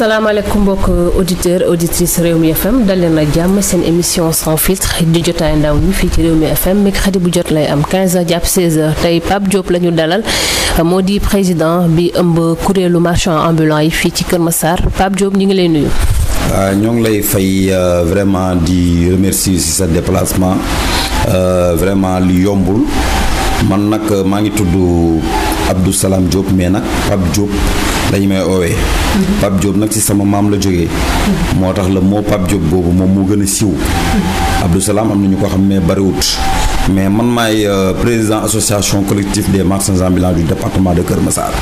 salaamaaleykum mbokk auditeur auditrice mi FM dal leen ak jàmm seen émission sans filtre di jotaay ndaw ñi fii ci réew Rewmi FM mi xadi bu jot lay am 15h jàpp 16 tey Pape Diop la ñu dalal moo di président bi ëmb kuréelu marchand ambulant yi fii ci Kër ma saar Pape Diop ñu ngi lay nuyu. Ah, ñoo ngi lay fay euh, vraiment di remercier si sa déplacement euh, vraiment lu yombul man nag maa ngi tudd Abdou Salam Diop mais nag Pape Diop. lañu may oowee Pape Diop nag ci sama maam la jógee moo tax la moo Pape Diop boobu moom moo gën a siiw Abdou Salam am na ñu ko xam ne bariwut mais man maay euh, président association collectif des marchands ambulants du département de Kër Massar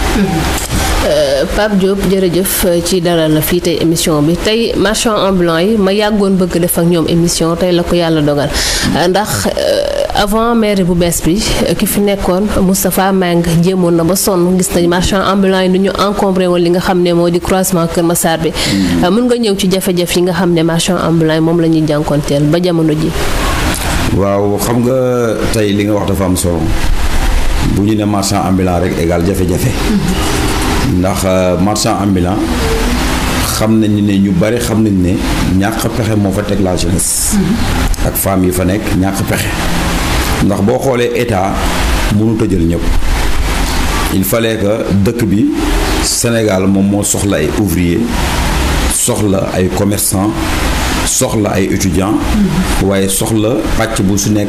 euh, Pape Diop jërëjëf ci dalal na fii tey émission bi tey marchands ambulants yi ma yàggoon bëgg def ak ñoom émission tey la ko yàlla dogal ndax euh, avant maire bu bees bi euh, ki fi nekkoon Moustapha Mang jéemoon na ba sonn gis nañ marchand ambulant yi nu ñu encombré woon li nga xam ne moo di croisement Kër Massar bi mën mm-hmm. euh, nga ñëw ci jafe-jafe yi nga xam ne marchand ambulant yi moom la ñuy jànkonteel ba jamono ji waaw xam nga tey li nga wax dafa am solo bu ñu ne marchand ambulant rek égal jafe-jafe mm-hmm. ndax euh, marchand ambulant xam nañu ne ñu bari xam nañu ne ñàkk pexe moo fa teg la jeunesse mm-hmm. ak femmes yi fa nekk ñàkk pexe ndax boo xoolee état mënut a jël ñëpp il fallait que dëkk bi Sénégal moom moo soxla ay ouvrier soxla ay commerçant soxla ay étudiants mm-hmm. waaye soxla pàcc bu su nekk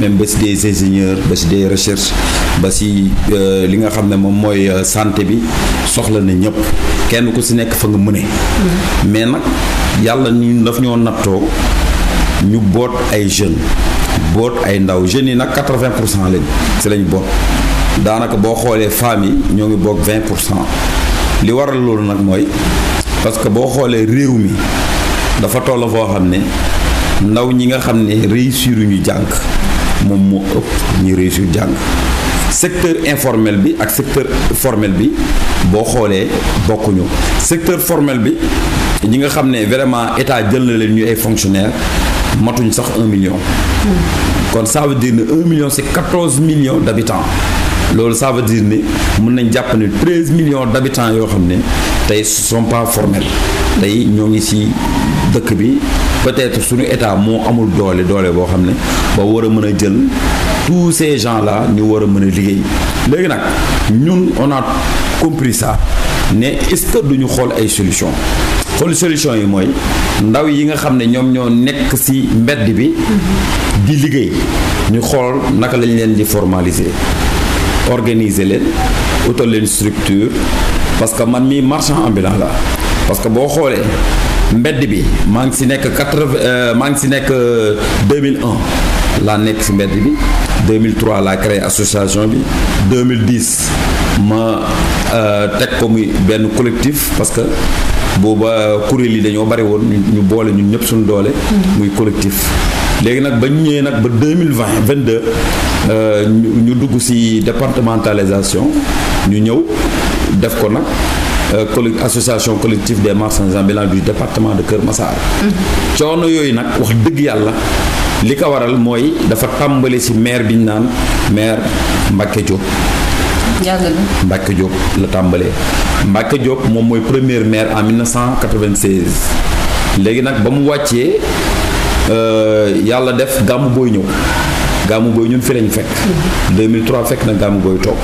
même ba si des ingénieurs ba si des recherches ba si euh, li nga xam ne moom mooy euh, santé bi soxla na ñëpp kenn ku si nekk fa nga mëne mm-hmm. mais nag yàlla ñu daf ñoo nattoo ñu boot ay jeunes boot ay ndaw jeunes yi nag 80 pour cent lañ si lañ boot daanaka boo xoolee femmes yi ñoo ngi boog 20 pour cent li waral loolu nag mooy parce que boo xoolee réew mi dafa toll foo xam ne ndaw ñi nga xam ne réussir ñu jàng moom moo ëpp ñu réussir jàng secteur informel bi ak secteur formel bi boo xoolee bokkuñu secteur formel bi ñi nga xam ne vraiment état jël na leen ñu ay fonctionnaires. matuñ sax un million. kon ça veut un million c' est quatorze millions d' habitants. loolu ça veut dire mën nañ jàpp ni treize million d' habitants yoo xam ne tey ce sont pas tey ñoo ngi ci dëkk bi peut-être suñu état moo amul doole doole boo xam ne ba war a mën a jël tous ces gens la ñu war a mën a liggéey léegi nag ñun on a compris ça ne est-ce que duñu xool ay solution xool solution yi mooy ndaw yi nga xam ne ñoom ñoo nekk ci mbedd bi di liggéey ñu xool naka lañ leen di formaliser organiser leen utal leen structure parce que man mii marchand ambulant la parce que boo xoolee mbedd bi maa ngi si nekk 80 euh, maa ngi si nekk 2001 euh, laa nekk ci mbedd bi 2003 laa créé association bi 2010 ma euh, teg ko muy benn collectif parce que booba kuréel yi dañoo bari woon ñu boole ñun ñëpp suñu doole. Mm-hmm. muy collectif. léegi nag ba ñu ñëwee nag ba deux mille vingt vingt deux euh, ñu dugg ci départementalisation ñu ñëw def ko nag. Euh, colli association collective des marchands ambulants du département de Kër Massar. Mm-hmm. coono yooyu nag wax dëgg yàlla li ko waral mooy dafa tàmbali ci maire bi ñu naan maire Mbacke jàng bi Mbacke Diop la tàmbalee Mbacke Diop moom mooy première maire en 1996 léegi nag ba mu wàccee euh, yàlla def gàmmu booy ñëw gàmmu booy ñun fi lañ fekk 2003 mm-hmm. fekk na gàmmu booy toog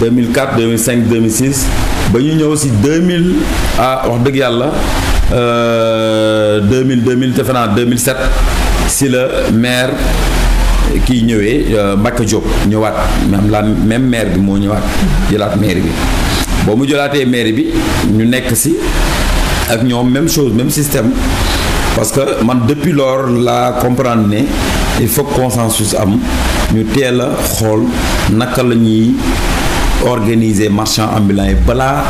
2004 2005 2006 ba ñu ñëw si 2000 ah wax dëgg yàlla 2000 euh, 2000 defe naa 2007 si la maire kii ñëwee euh, Mbacke Diop ñëwaat même la même maire bi moo ñëwaat jëlaat maire bi boo mu jëlaatee maire bi ñu nekk si ak ñoom même chose même système parce que man depuis lors laa comprendre ne il faut consensus am ñu teel a xool naka la ñuy organiser marchand ambulant yi balaa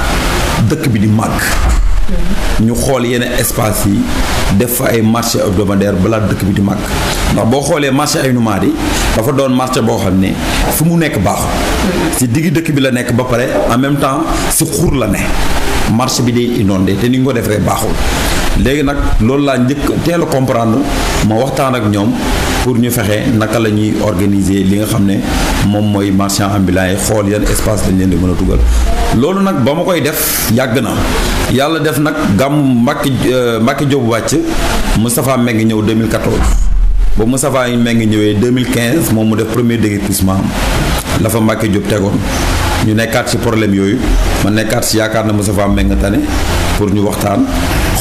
dëkk bi di màgg mm-hmm. ñu xool yenn espace yi def fa ay marché hebdomadaire balaa dëkk bi di màgg ndax boo xoolee marché ay numaat yi dafa doon marché boo xam ne fu mu nekk baaxul si digg dëkk bi la nekk ba pare en même temps ci xur la ne marché bi day inondé te ni nga ko defee baaxul léegi nag loolu laa njëkk teel a comprendre ma waxtaan ak ñoom pour ñu fexe naka la ñuy organiser li nga xam ne moom mooy marchand ambulant xool yan espace lañ leen di mën a dugal loolu nag ba ma koy def yàgg na yàlla def nag gàmm Mbacke euh, Mbacke Diop wàcc Moustapha Mbengue ñëw 2014 ba Moustapha Mbengue ñëwee 2015 moom mu def premier déguerpissement am la fa Mbacke job tegoon ñu nekkaat ci problème yooyu ma nekkaat ci yaakaar na Moustapha Mbengue tane pour ñu waxtaan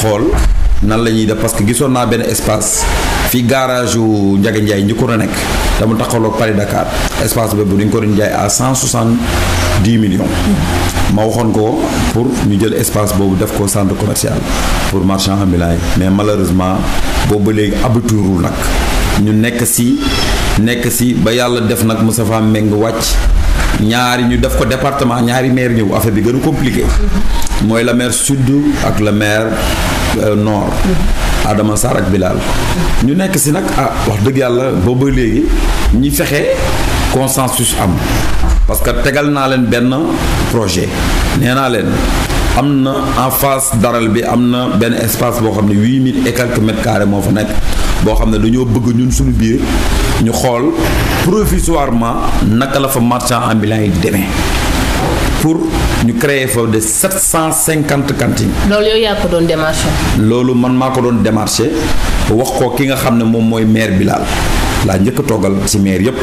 xool nan la ñuy def parce que gisoon naa benn espace fii garage u Ndiaga Ndiaye ko a nekk dama taxaloog Paris Dakar espace boobu dañ ko doon jaay à cent soixante-dix millions ma waxoon ko pour ñu jël espace boobu def ko centre commercial pour marchand ambulant mais malheureusement boobu ba léegi abatuurul nag ñu nekk si nekk si ba yàlla def nag Moustapha Mbengue wàcc ñaari ñu def ko département ñaari maire ñëw affaire bi gënu a compliqué mm-hmm. mooy la maire sud ak la maire Euh, Nord. aadama Sarr bi laal ñu nekk si nag ah wax dëgg yàlla booba léegi ñi fexe consensus am parce que tegal naa leen benn projet nee naa leen. am na en face daral bi am na benn espace boo xam ne huit mille et quelques moo fa nekk boo xam ne dañoo bëgg ñun suñu biir ñu xool provisoirement naka la fa en ambulant yi demee pour ñu créer fa de 750 cantines. loolu yow yaa ko doon démarché. loolu man maa ko doon démarché wax ko ki nga xam ne moom mooy maire bi laal laa njëkk a toggal ci maire yëpp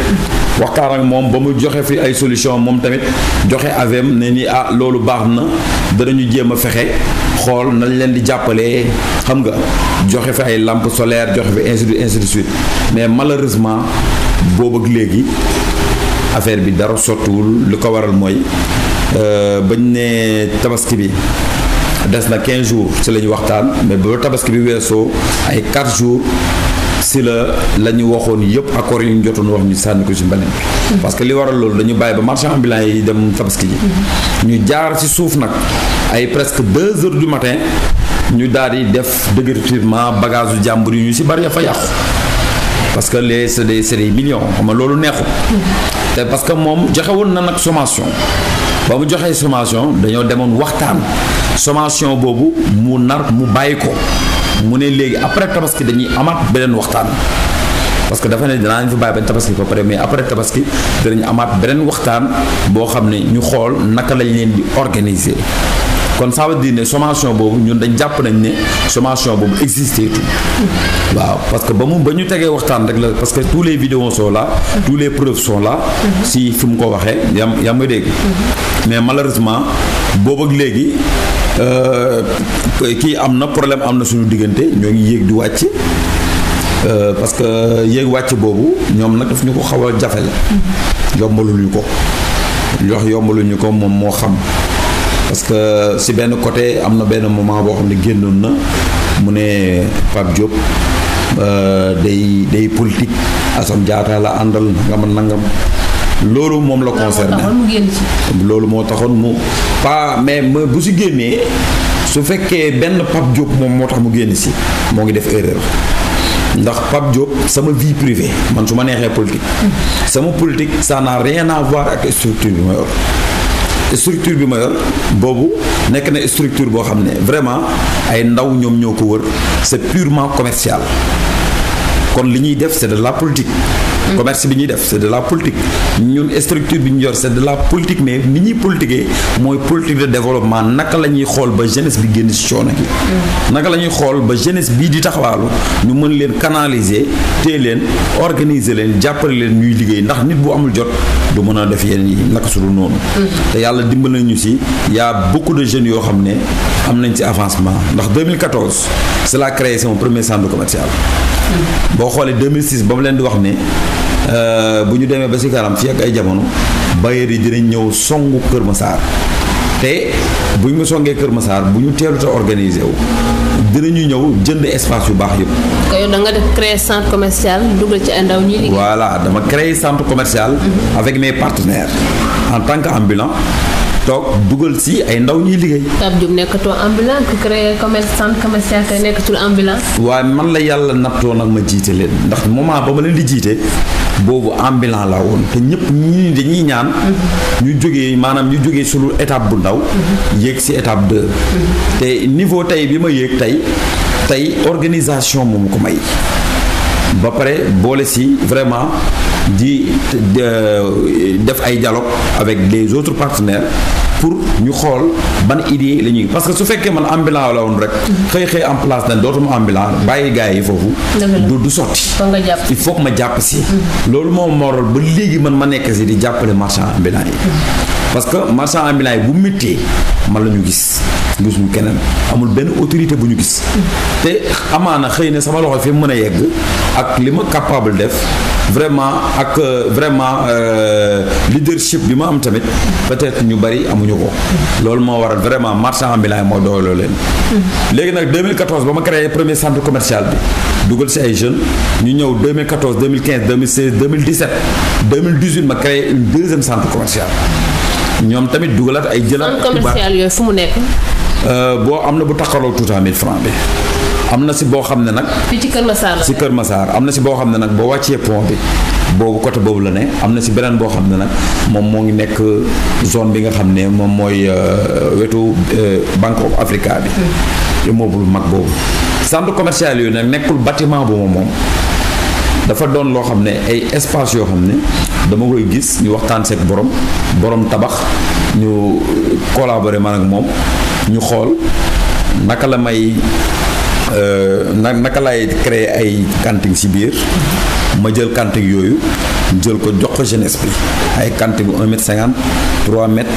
waxtaan ak moom ba mu joxe fi ay solution moom tamit joxe avem ne ni ah loolu baax na danañu jéem a fexe xool nañ leen di jàppalee xam nga joxe fi ay lampes solaires joxe fi ainsi de ainsi suite mais malheureusement boobu ak léegi affaire bi dara sottiwul li ko waral mooy Euh, bañ ne tabaski bi des na quinze jours ci la ñu waxtaan mais ba tabaski bi weesoo ay 4 jours si la la ñu waxoon yëpp accords yi ñu jotoon wax ñu sànni ko ci mbalit bi mhm. parce que li waral loolu dañu bàyyi ba marchand ambulant yi dem tabaski ji mhm. ñu jaar ci suuf nag ay presque 2 heures du matin ñu daal di def déguerpissement bagage u jàmbur yu ñu si bari fa yàqu parce que les c'est des millions xam nga loolu neexu mhm. te parce que moom joxe woon na nag sommation ba mu joxee sommation dañoo demoon waxtaan sommation boobu mu nar mu bàyyi ko mu ne léegi après tabaski dañuy amaat beneen waxtaan parce que dafa ne danaa ñu fi bàyyi benn tabaski ba pare mais après tabaski danañu amaat beneen waxtaan boo xam ne ñu xool naka lañ leen di organiser kon ça veut ne sommation boobu ñun dañ jàpp nañ ne sommation boobu existé tout waaw parce que ba mu ba ñu tegee waxtaan rek la parce que tous les vidéos sont là tous les preuves sont mm-hmm. si fi mu ko waxee yam yam nga dégg mm-hmm. mais malheureusement boobu ak léegi euh, kii am na problème am na suñu diggante ñoo ngi yéeg du wàcc euh, parce que yéeg wàcc boobu ñoom nag daf ñu ko xaw a jafele yombaluñu ko yox yombaluñu ko moom moo xam parce que si benn côté am na benn moment boo xam ne génnoon na mu ne Pape Diop euh, day day politique Assome Diatta la àndal nga nangam nangam loolu moom la concerné loolu moo taxoon mu pas mais bu si génnee su fekkee benn Pape Diop moom moo tax mu génn si moo ngi def erreur ndax Pape Diop sama vie privée man su ma neexee politique mm. sama politique ça n'a rien à ak structure bi ma yor structure bi ma yor boobu nekk na structure boo xam ne vraiment ay ndaw ñoom ñoo ko wër c'est purement commercial kon li ñuy def c'est de la politique commerce bi ñuy def c' est de la politique ñun structure bi ñu yor c' est la politique mais ni ñuy politiquer mooy politique de développement naka la ñuy xool ba jeunesse bi génn si coono gi mm. naka la ñuy xool ba jeunesse bii di taxawaalu ñu mën leen canaliser téye leen organiser leen jàppale leen ñuy liggéey ndax nit bu amul jot du mën a def yeneen yi naka su noonu mm-hmm. te yàlla dimbal nañu si y' a beaucoup jeunes yoo xam ne am nañ ci avancement ndax 2014 c'est la création premier centre commercial boo xoolee 2006 ba mu leen di wax ne euh, bu ñu demee ba si kanam fii ak ay jamono bailleurs yi dinañ ñëw songu Kër Massar te bu ñu songee Kër Massar bu ñu teelut a organisé wu dinañu ñëw jënd espace yu baax yëpp. kayoo da nga def créer centre commercial dugal ci ay ndaw ñuy liggéey. voilà dama créer centre commercial. Mhm. avec mes partenaires en tant que ambulant. toog dugal si ay ndaw ñuy liggéey. Pape Diop nekkatoo ambulant ku créé commerce centre commercial tey nekkatul ambulant. waaye man la yàlla nattoo nag ma jiite leen ndax moment ba ma leen di jiite boobu ambulant laa woon te ñëpp ñii dañuy ñaan. Mhm. ñu jógee maanaam ñu jógee sunu étape bu ndaw. Mhm. yéeg si étape deux. Mhm. te niveau tey bi ma yéeg tey tey organisation moom ko may. ba pare boole si vraiment. di def ay dialogue avec les autres partenaires pour ñu xool ban idée la ñuy parce que su fekkee man ambulant la woon rek. xëy xëy en place na dootuma ambulant bàyyi gars yi foofu. du du sotti. il faut que ma jàpp si. Mm-hmm. loolu moom moral ba léegi mën ma nekk si di jàppale marchand ambulant yi. parce que marchand ambulant yi bu méttee man la ñu gis gisuñu keneen amul benn autorité bu ñu gis te amaana xëy na sama loxo fi mën a yegg ak li ma capable def vraiment ak euh, vraiment euh, leadership bi ma am tamit peut-être ñu bari amuñu ko loolu moo waral vraiment marchand ambulant yi moo dooloo leen léegi nag 2014 ba ma créé premier centre commercial bi dugal ci ay jeunes ñu ñëw ma créé une deuxième centre commercial ñoom tamit dugalaat ay jëlaat. xibaar commercial yooyu fu mu nekk. Euh, boo am na bu takkaloo tout à 1000 francs bi. am na si boo xam ne nag. fii ci Kër Masar la Kër Masar am na si boo xam ne nag boo wàccee pont bi boobu côté boobu la ne am na si beneen boo xam ne nag moom moo ngi nekk zone bi nga xam ne moom mooy euh, wetu euh, Bank of Africa bi. Hmm. immeuble bu mag boobu. centre commercial yooyu nekkul batiment bu moom moom. dafa doon loo xam ne ay espace yoo xam ne dama koy gis ñu waxtaan seeg borom borom tabax ñu collaborer man ak moom ñu xool naka la may euh, naka lay créer ay cantine ci biir ma jël kantig yooyu jël ko jox ko jeunesse bi ay kantigu 1 mètre 50 3 mètre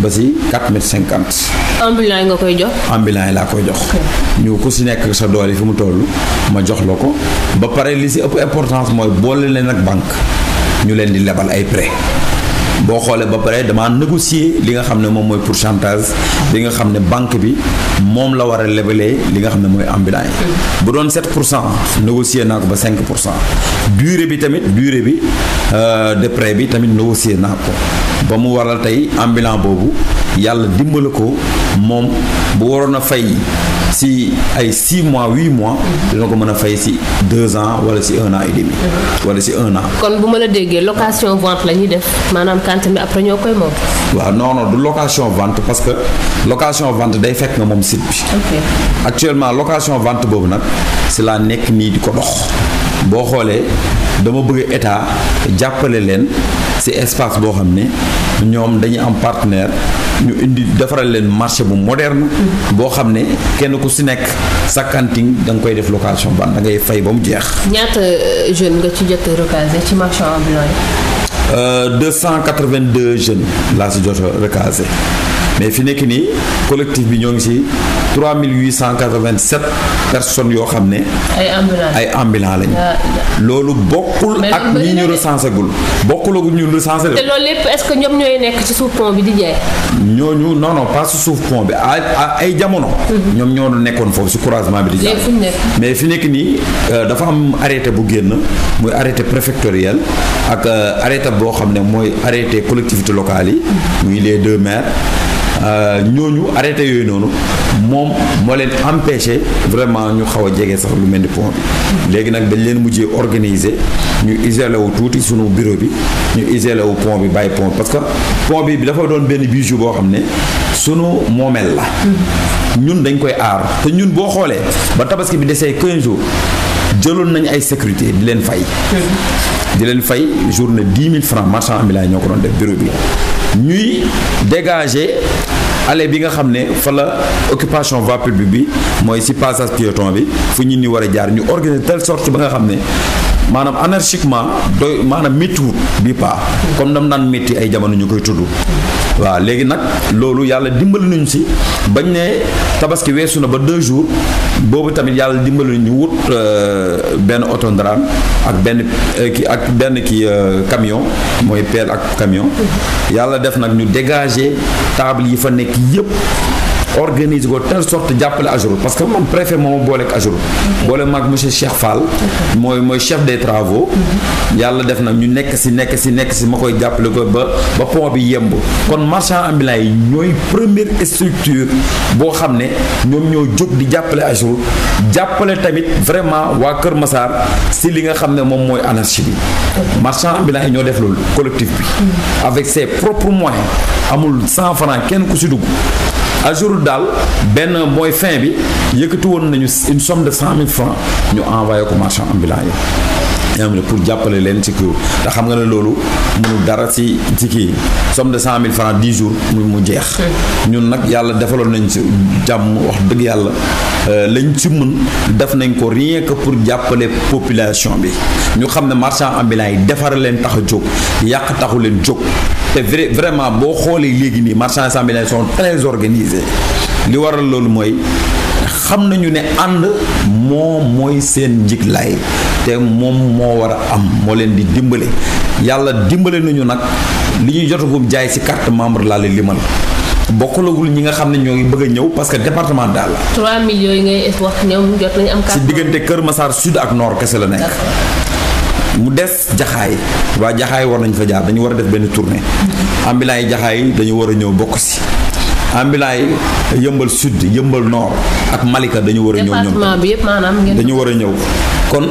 ba si 4 cinquante 50. ambulant yi nga koy jox. ambulant yi laa koy jox. ñu ko si nekk sa yi fi mu toll ma jox la ko ba pare li si ëpp importance mooy boole leen ak banque ñu leen di lebal ay prêt boo xoolee ba pare damaa négocier li nga xam ne moom mooy pourcentage bi nga xam ne banque bi moom la war a lebalee li nga xam ne mooy ambulant mm. bu doon 7 pour cent négocier naa ko ba 5 pour cent durée bi tamit durée bi euh, de prêt bi tamit négocier naa ko ba mu waral tey ambulant boobu yàlla dimbali ko moom bu waroon a fay si ay 6 mois 8 mois. dina ko mën a fay si 2 ans wala si 1 an et demi. wala si 1 an. kon bu ma la déggee location vente la ñuy def maanaam cantine bi après ñoo koy moom. waaw non du location vente parce que location vente day fekk nga moom site bi. actuellement location vente boobu nag si laa nekk nii di ko dox. boo xoolee dama bëgg état jàppale leen ci espace boo xam ne ñoom dañu am partenaire ñu indi defaral leen marché bu moderne boo xam ne kenn ku ci nekk sa cantine da nga koy def location ban da ngay fay ba mu jeex. ñaata euh, jeune nga ci jot a recaser ci marchand ambulant yi. 282 euh, jeunes laa ci jot a recaser mais fi nekk nii collectif bi ñoo ngi ci. vingt 3887 personnes yoo xam ne. ay ambulants ay lañu. loolu bokkul ak ñi ñu recensé gul. bokkul ak ñu recensé. te loolu lépp est-ce que ñoom ñooy nekk ci suuf pont bi di jaay. ñooñu non non suuf pont bi ay jamono. Mhm. ñoom ñoo nekkoon foofu si croisement bi di jaay. mais fi nekk nii euh, dafa am arrêté bu génn muy arrêté préfectoriel ak euh, arrêté boo xam ne mooy arrêté collectivité locale yi. Mhm. muy les deux maires. Euh, ñooñu arrêté yooyu noonu moom moo leen empêché vraiment ñu xaw a jege sax lu mel ni pont bi léegi nag dañ leen mujjee organiser ñu isolé wu tuuti suñu bureau bi ñu isolé wu pont bi bàyyi pont parce que pont bi dafa doon benn bijou boo xam ne sunu moomeel la ñun dañ koy aar te ñun boo xoolee ba tabaski bi desee 15 jours jëloon nañu ay sécurité di leen fay di leen fay journée 10 000 francs marchand ambulant ñoo ko doon def bureau allée bi nga xam ne fa la occupation voie publique bi mooy si passage piéton bi fu ñu ñi war a jaar ñu organiser telle sorte ba nga xam ne maanaam anarchiquement doy maanaam méttiwut bi paa kon nam naan métti ay jamono ñu koy tudd waaw léegi nag loolu yàlla dimbali nañu si bañ ne tabaski weesu na ba deux jours boobu tamit yàlla dimbali ñu wut euh, benn oto ndaraan ak benn euh, ki ak benn ki euh, camion mooy peel ak camion mm-hmm. yàlla def nag ñu dégager table yi fa nekk yépp organise ko telle sorte jàppale Ageroute parce que man préfet moom boole ak Ageroute boole maag monsieur Cheikh Fall mooy mooy chef des travaux mhm. yàlla def na ñu nekk si nekk si nekk si ma koy jàppale ko ba ba bi yemb kon marchand ambulant yi ñooy première structure boo xam ne ñoom ñoo jóg di jàppale Ageroute jàppale tamit vraiment waa Kër Massar si li nga xam ne moom mooy anarchie bi marchand ambulant ñoo def loolu collectif bi mhm. avec ses propres moyens amul cent kenn ku si dugg daal benn mooy fin bi yëkkati woon nañu une somme de cent mille francs ñu envoyé ko marchand ambulant ñoo xam pour jàppale leen ci kii te xam nga ne loolu mënu dara ci ci kii somme de cent mille francs dix jours mu mu jeex hmm. ñun nag yàlla defaloon nañ si jàmm wax dëgg yàlla euh, lañ ci mën def nañ ko rien que pour jàppale population bi ñu xam ne marchand ambilan yi defar leen tax jóg yàq taxu leen jóg te vrai vraiment boo xoolee léegi nii marchands ambulants sont très organisés li waral loolu mooy xam nañu ne ànd moo mooy seen njiglaay te moom moo war a am moo leen di dimbale yàlla dimbale nañu nag li ñu jotagum jaay ci kart membre laa la limal bokkulagul ñi nga xam ne ñoo ngi bëgg a ñëw parce que département daal la. 3 millions ci diggante Kër masaar sud ak noor kese la nekk. mu des jaxaay waa jaxaay war nañ fa jaar dañu war a def benn tournée. Mm-hmm. ambulant yi jaxaay dañu war a ñëw bokk si. ambulant yëmbal sud yëmbal nord ak Malika dañu war a ñëw ñoom bi yëpp maanaam ngeen dañu war a ñëw kon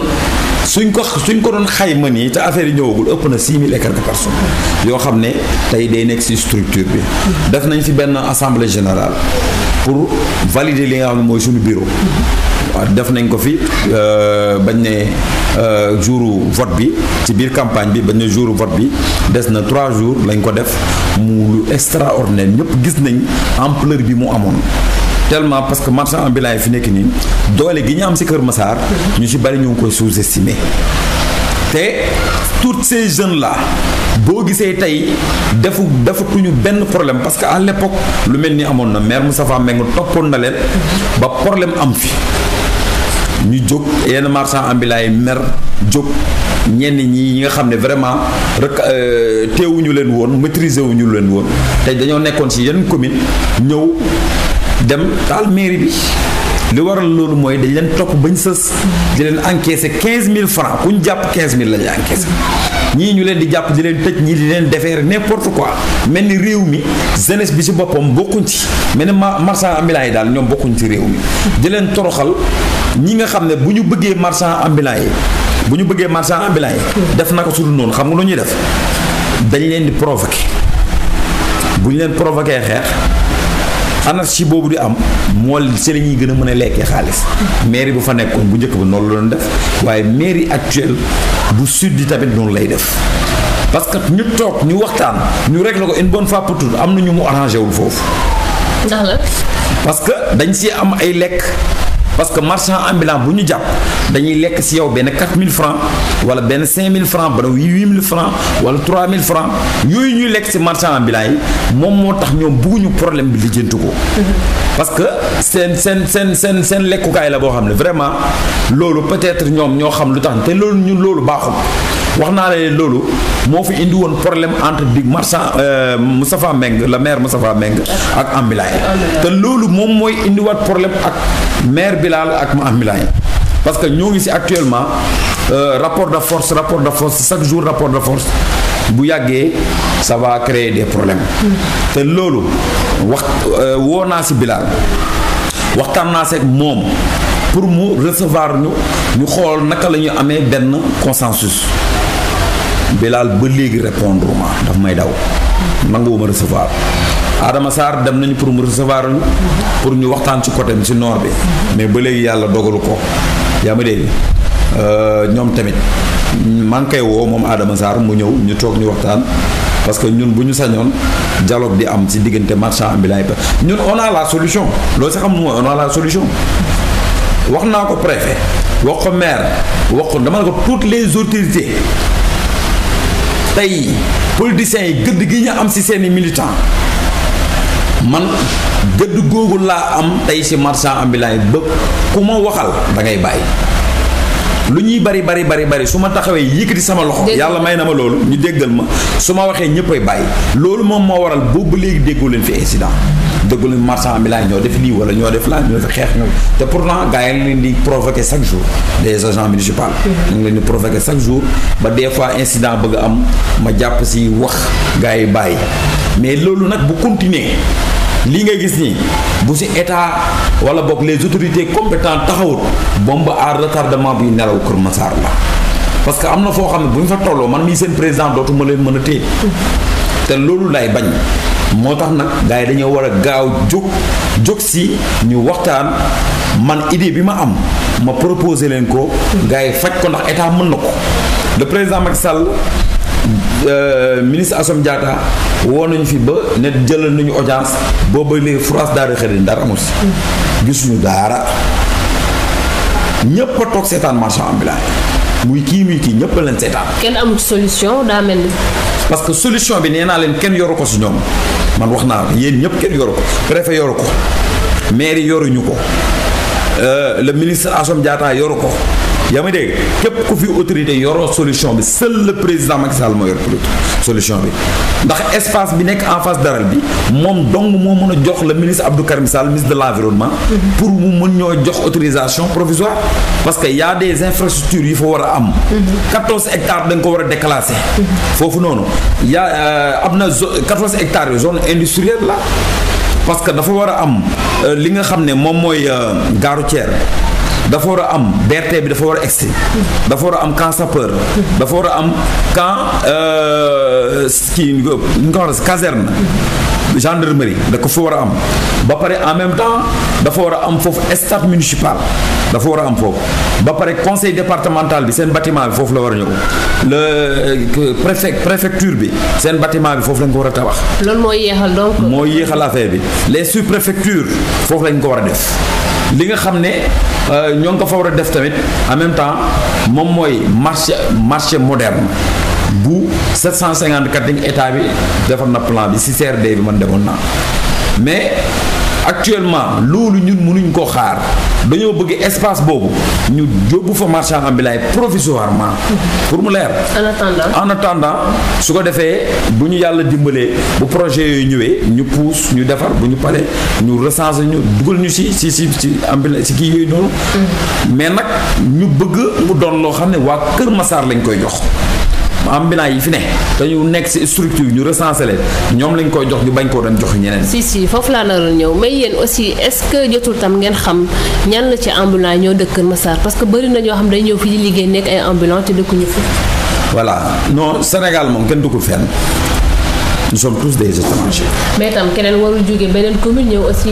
suñ ko suñ ko doon xayma nii te affaire yi ñëwagul ëpp na six mille et quelques yoo xam ne tey day nekk ci structure bi def nañ fi benn assemblée général pour valider li nga xam mooy suñu bureau waaw def nañ ko fi euh, bañ ne euh, jour vote bi ci biir campagne bi bañ ne jour vote bi des na trois jours lañ ko def mu lu extraordinaire ñëpp gis nañ ampleur bi mu amoon tellement parce que marchand ambulant yi fi nekk nii doole gi ñu am si Kër Massar ñu ci bari ñu ngi koy sous-estimer te toutes ces jeunes la boo gisee tey defu defatuñu benn problème parce que à l'époque lu mel ni amoon na maire Moustapha Mbengue toppoon na leen ba problème am fi ñu jóg yenn marchand ambulant yi mer jóg ñenn ñi ñi nga xam ne vraiment rek euh, teewuñu leen woon maîtriser wuñu leen woon te dañoo nekkoon ci yenn commune ñëw dem taal mairie bi li waral loolu mooy dañ leen topp bañ sës di leen encaisser mille francs ku ñu jàpp 15000 la ñuy encaisser ñii ñu leen di jàpp di leen tëj ñii di leen defee defeere n'importe quoi mel ni réew mi jeunesse bi ci boppam bokkuñ ci mel ni marchand ambulant yi daal ñoom bokkuñ ci réew mi di leen toroxal ñi nga xam ne bu ñu bëggee marchand ambulant yi bu ñu bëggee marchand ambulant yi def na ko su dul noonu xam nga lu ñuy def dañ leen di provoqué bu ñu leen provoqué xeex anarchie boobu di am moo si la ñuy gën a mën a lekkee xaalis mairie bu fa nekkoon bu njëkk ba noonu la doon def waaye mairie actuelle bu sud yi tamit noonu lay def parce que ñu toog ñu waxtaan ñu réglé ko une bonne fois am na ñu mu arrangé wul foofu. ndax que dañ si am ay lekk. parce que marchand ambulant bu ñu jàpp dañuy lekk si yow benn 4000 francs wala benn 5000 francs ba 8000 francs wala 3000 francs yooyu ñuy lekk si marchand ambulant yi moom moo tax ñoom bëgguñu problème bi lijjanti ko. parce que seen seen seen seen seen lekkukaay la boo xam ne vraiment loolu peut-être ñoom ñoo xam lu tax te loolu ñun loolu baaxul. wax naa la leen loolu moo fi indi woon problème entre bi marchand euh, Moustapha Mbengue le maire Moustapha Mbengue ak ambulant yi te loolu moom mooy indiwaat ak maire bilaal ak ma am Milaay parce que ñoo ngi si actuellement euh, rapport de force rapport de force chaque jour rapport de force bu yàggee ça va créer des problèmes te loolu wax euh, woo naa si Bilal waxtaan naa seeg moom pour mu recevoir ñu ñu xool naka la ñu amee benn consensus Bilal ba léegi répondre ma daf may daw nanguwuma recevoir Adama Sarr dem nañu pour mu recevoir pour ñu waxtaan ci côté bi ci noor bi mais ba léegi yàlla dogalu ko yaa ma dégg euh, ñoom tamit maa ngi woo moom Adama saar mu ñëw ñu toog ñu waxtaan parce que ñun bu ñu sañoon dialogue di am ci diggante marchand ambulant yi ñun on a la solution loolu si xam nu mooy on la solution wax naa ko préfet wax ko maire wax ko dama ne ko toutes les autorités tey politiciens yi gëdd gi ñu am ci seeni militants man gëdd googu laa am tey si marchand ambulant yi ba ku ma waxal da ngay bàyyi lu ñuy bari bari bari bari su ma taxawee yëkkati sama loxo yàlla may na ma loolu ñu déggal ma su ma waxee ñëppay bàyyi loolu moom moo waral boobu léegi déggoo leen fi incident déggoo leen marchand ambulant yi ñoo def lii wala ñoo def laa ñoo def xeex ñoo te pourtant gars yi leen di provoqué chaque jour des agents municipaux ñu ngi leen di provoqué chaque jour ba des fois incident bëgg am ma jàpp si wax gars yi bàyyi mais loolu nag bu continuer lii nga gis nii bu si état wala boog les autorité compétentes taxawut bombe à retardement bi nelaw Kër saar la parce que am na foo xam ne bu ñu fa tolloo man mii seen président dootuma leen mën a téye te loolu laay bañ moo tax nag gars dañoo war a gaaw jóg jóg si ñu waxtaan man idée bi ma am ma proposé leen ko gars yi faj ko ndax état mën na ko le président Macky Sall Euh, ministre Assome Diatta woo nañu fi ba ne jëlal nañu audience boo léegi France daal di xëy dara amu si gisuñu daara ñëpp a toog seetaan marchand ambulant muy kii muy kii ñëpp leen seetaan. kenn amul solution daa mel ni. parce que solution bi nee naa leen kenn yoru ko si ñoom man wax naa yéen ñëpp kenn yoru ko préfet yoru ko maire yoruñu ko euh, le ministre Assome Diatta yoru ko. yaa ma dégg képp ku fi autorité yoro solution bi seul le président Macky Sall moo yor solution bi ndax espace bi nekk en face daral bi moom dong moo mën a jox le ministre Abdou Karim Sall ministre de l' environnement. Mhm. pour mu mën ñoo jox autorisation provisoire parce que y' a des infrastructures yi fa war a am. 14 ectare da nga ko war a déclassé. Mhm. foofu noonu yaa a euh, am na zo 14 hectares yi zone industrielle la parce que dafa war a am euh, li nga xam ne moom mooy euh, gare routière dafa war a am berte bi dafa war a egsi dafa war a am camp sapeur dafa war a am camp kii ñu ko wax caserne gendarmerie da ko fa war a am ba pare en même temps dafa war a am foofu stade municipal dafa war a am foofu ba pare conseil départemental bi seen batiment bi foofu la war a ñëw le préfet préfecture bi seen batiment bi foofu lañu ko war a tabax. loolu mooy yéexal donc. moo yéexal affaire bi les sous-préfectures foofu lañ ko war a def. li nga xam ne euh, ñoo ngi ko fa a def tamit en même temps moom mooy marché marché moderne bu 754 état bi defar na plan bi si CRD bi man demoon naa mais actuellement loolu ñun mënuñ ko xaar dañoo bëgg espace boobu ñu jóbbu fa marchand ambulant provisoirement pour mu leer en attendant su ko defee bu ñu yàlla dimbalee bu projet yooyu ñëwee ñu puus ñu defar bu ñu paree ñu recenser ñu dugal ñu si si si si ambulant si kii yooyu noonu mm. mais nag ñu bëgg mu doon loo xam ne waa Kër Massar lañ koy jox ambulant yi fi ne te dañu nekk ci structure ñu recensé leen ñoom lañ koy jox ñu bañ koo dem jox ñeneen. si si foofu laa naroon ñëw may yéen aussi est-ce que jotul tam ngeen xam ñan la ci ambulant yi ñoo dëkk Kër Massar parce bëri na ñoo xam day ñëw fi di liggéey nekk ay ambulant te dëkkuñu fi. voilà non Sénégal moom kenn duggul fenn. nous sommes tous des étrangers. mais tam keneen warul jóge beneen commune ñëw aussi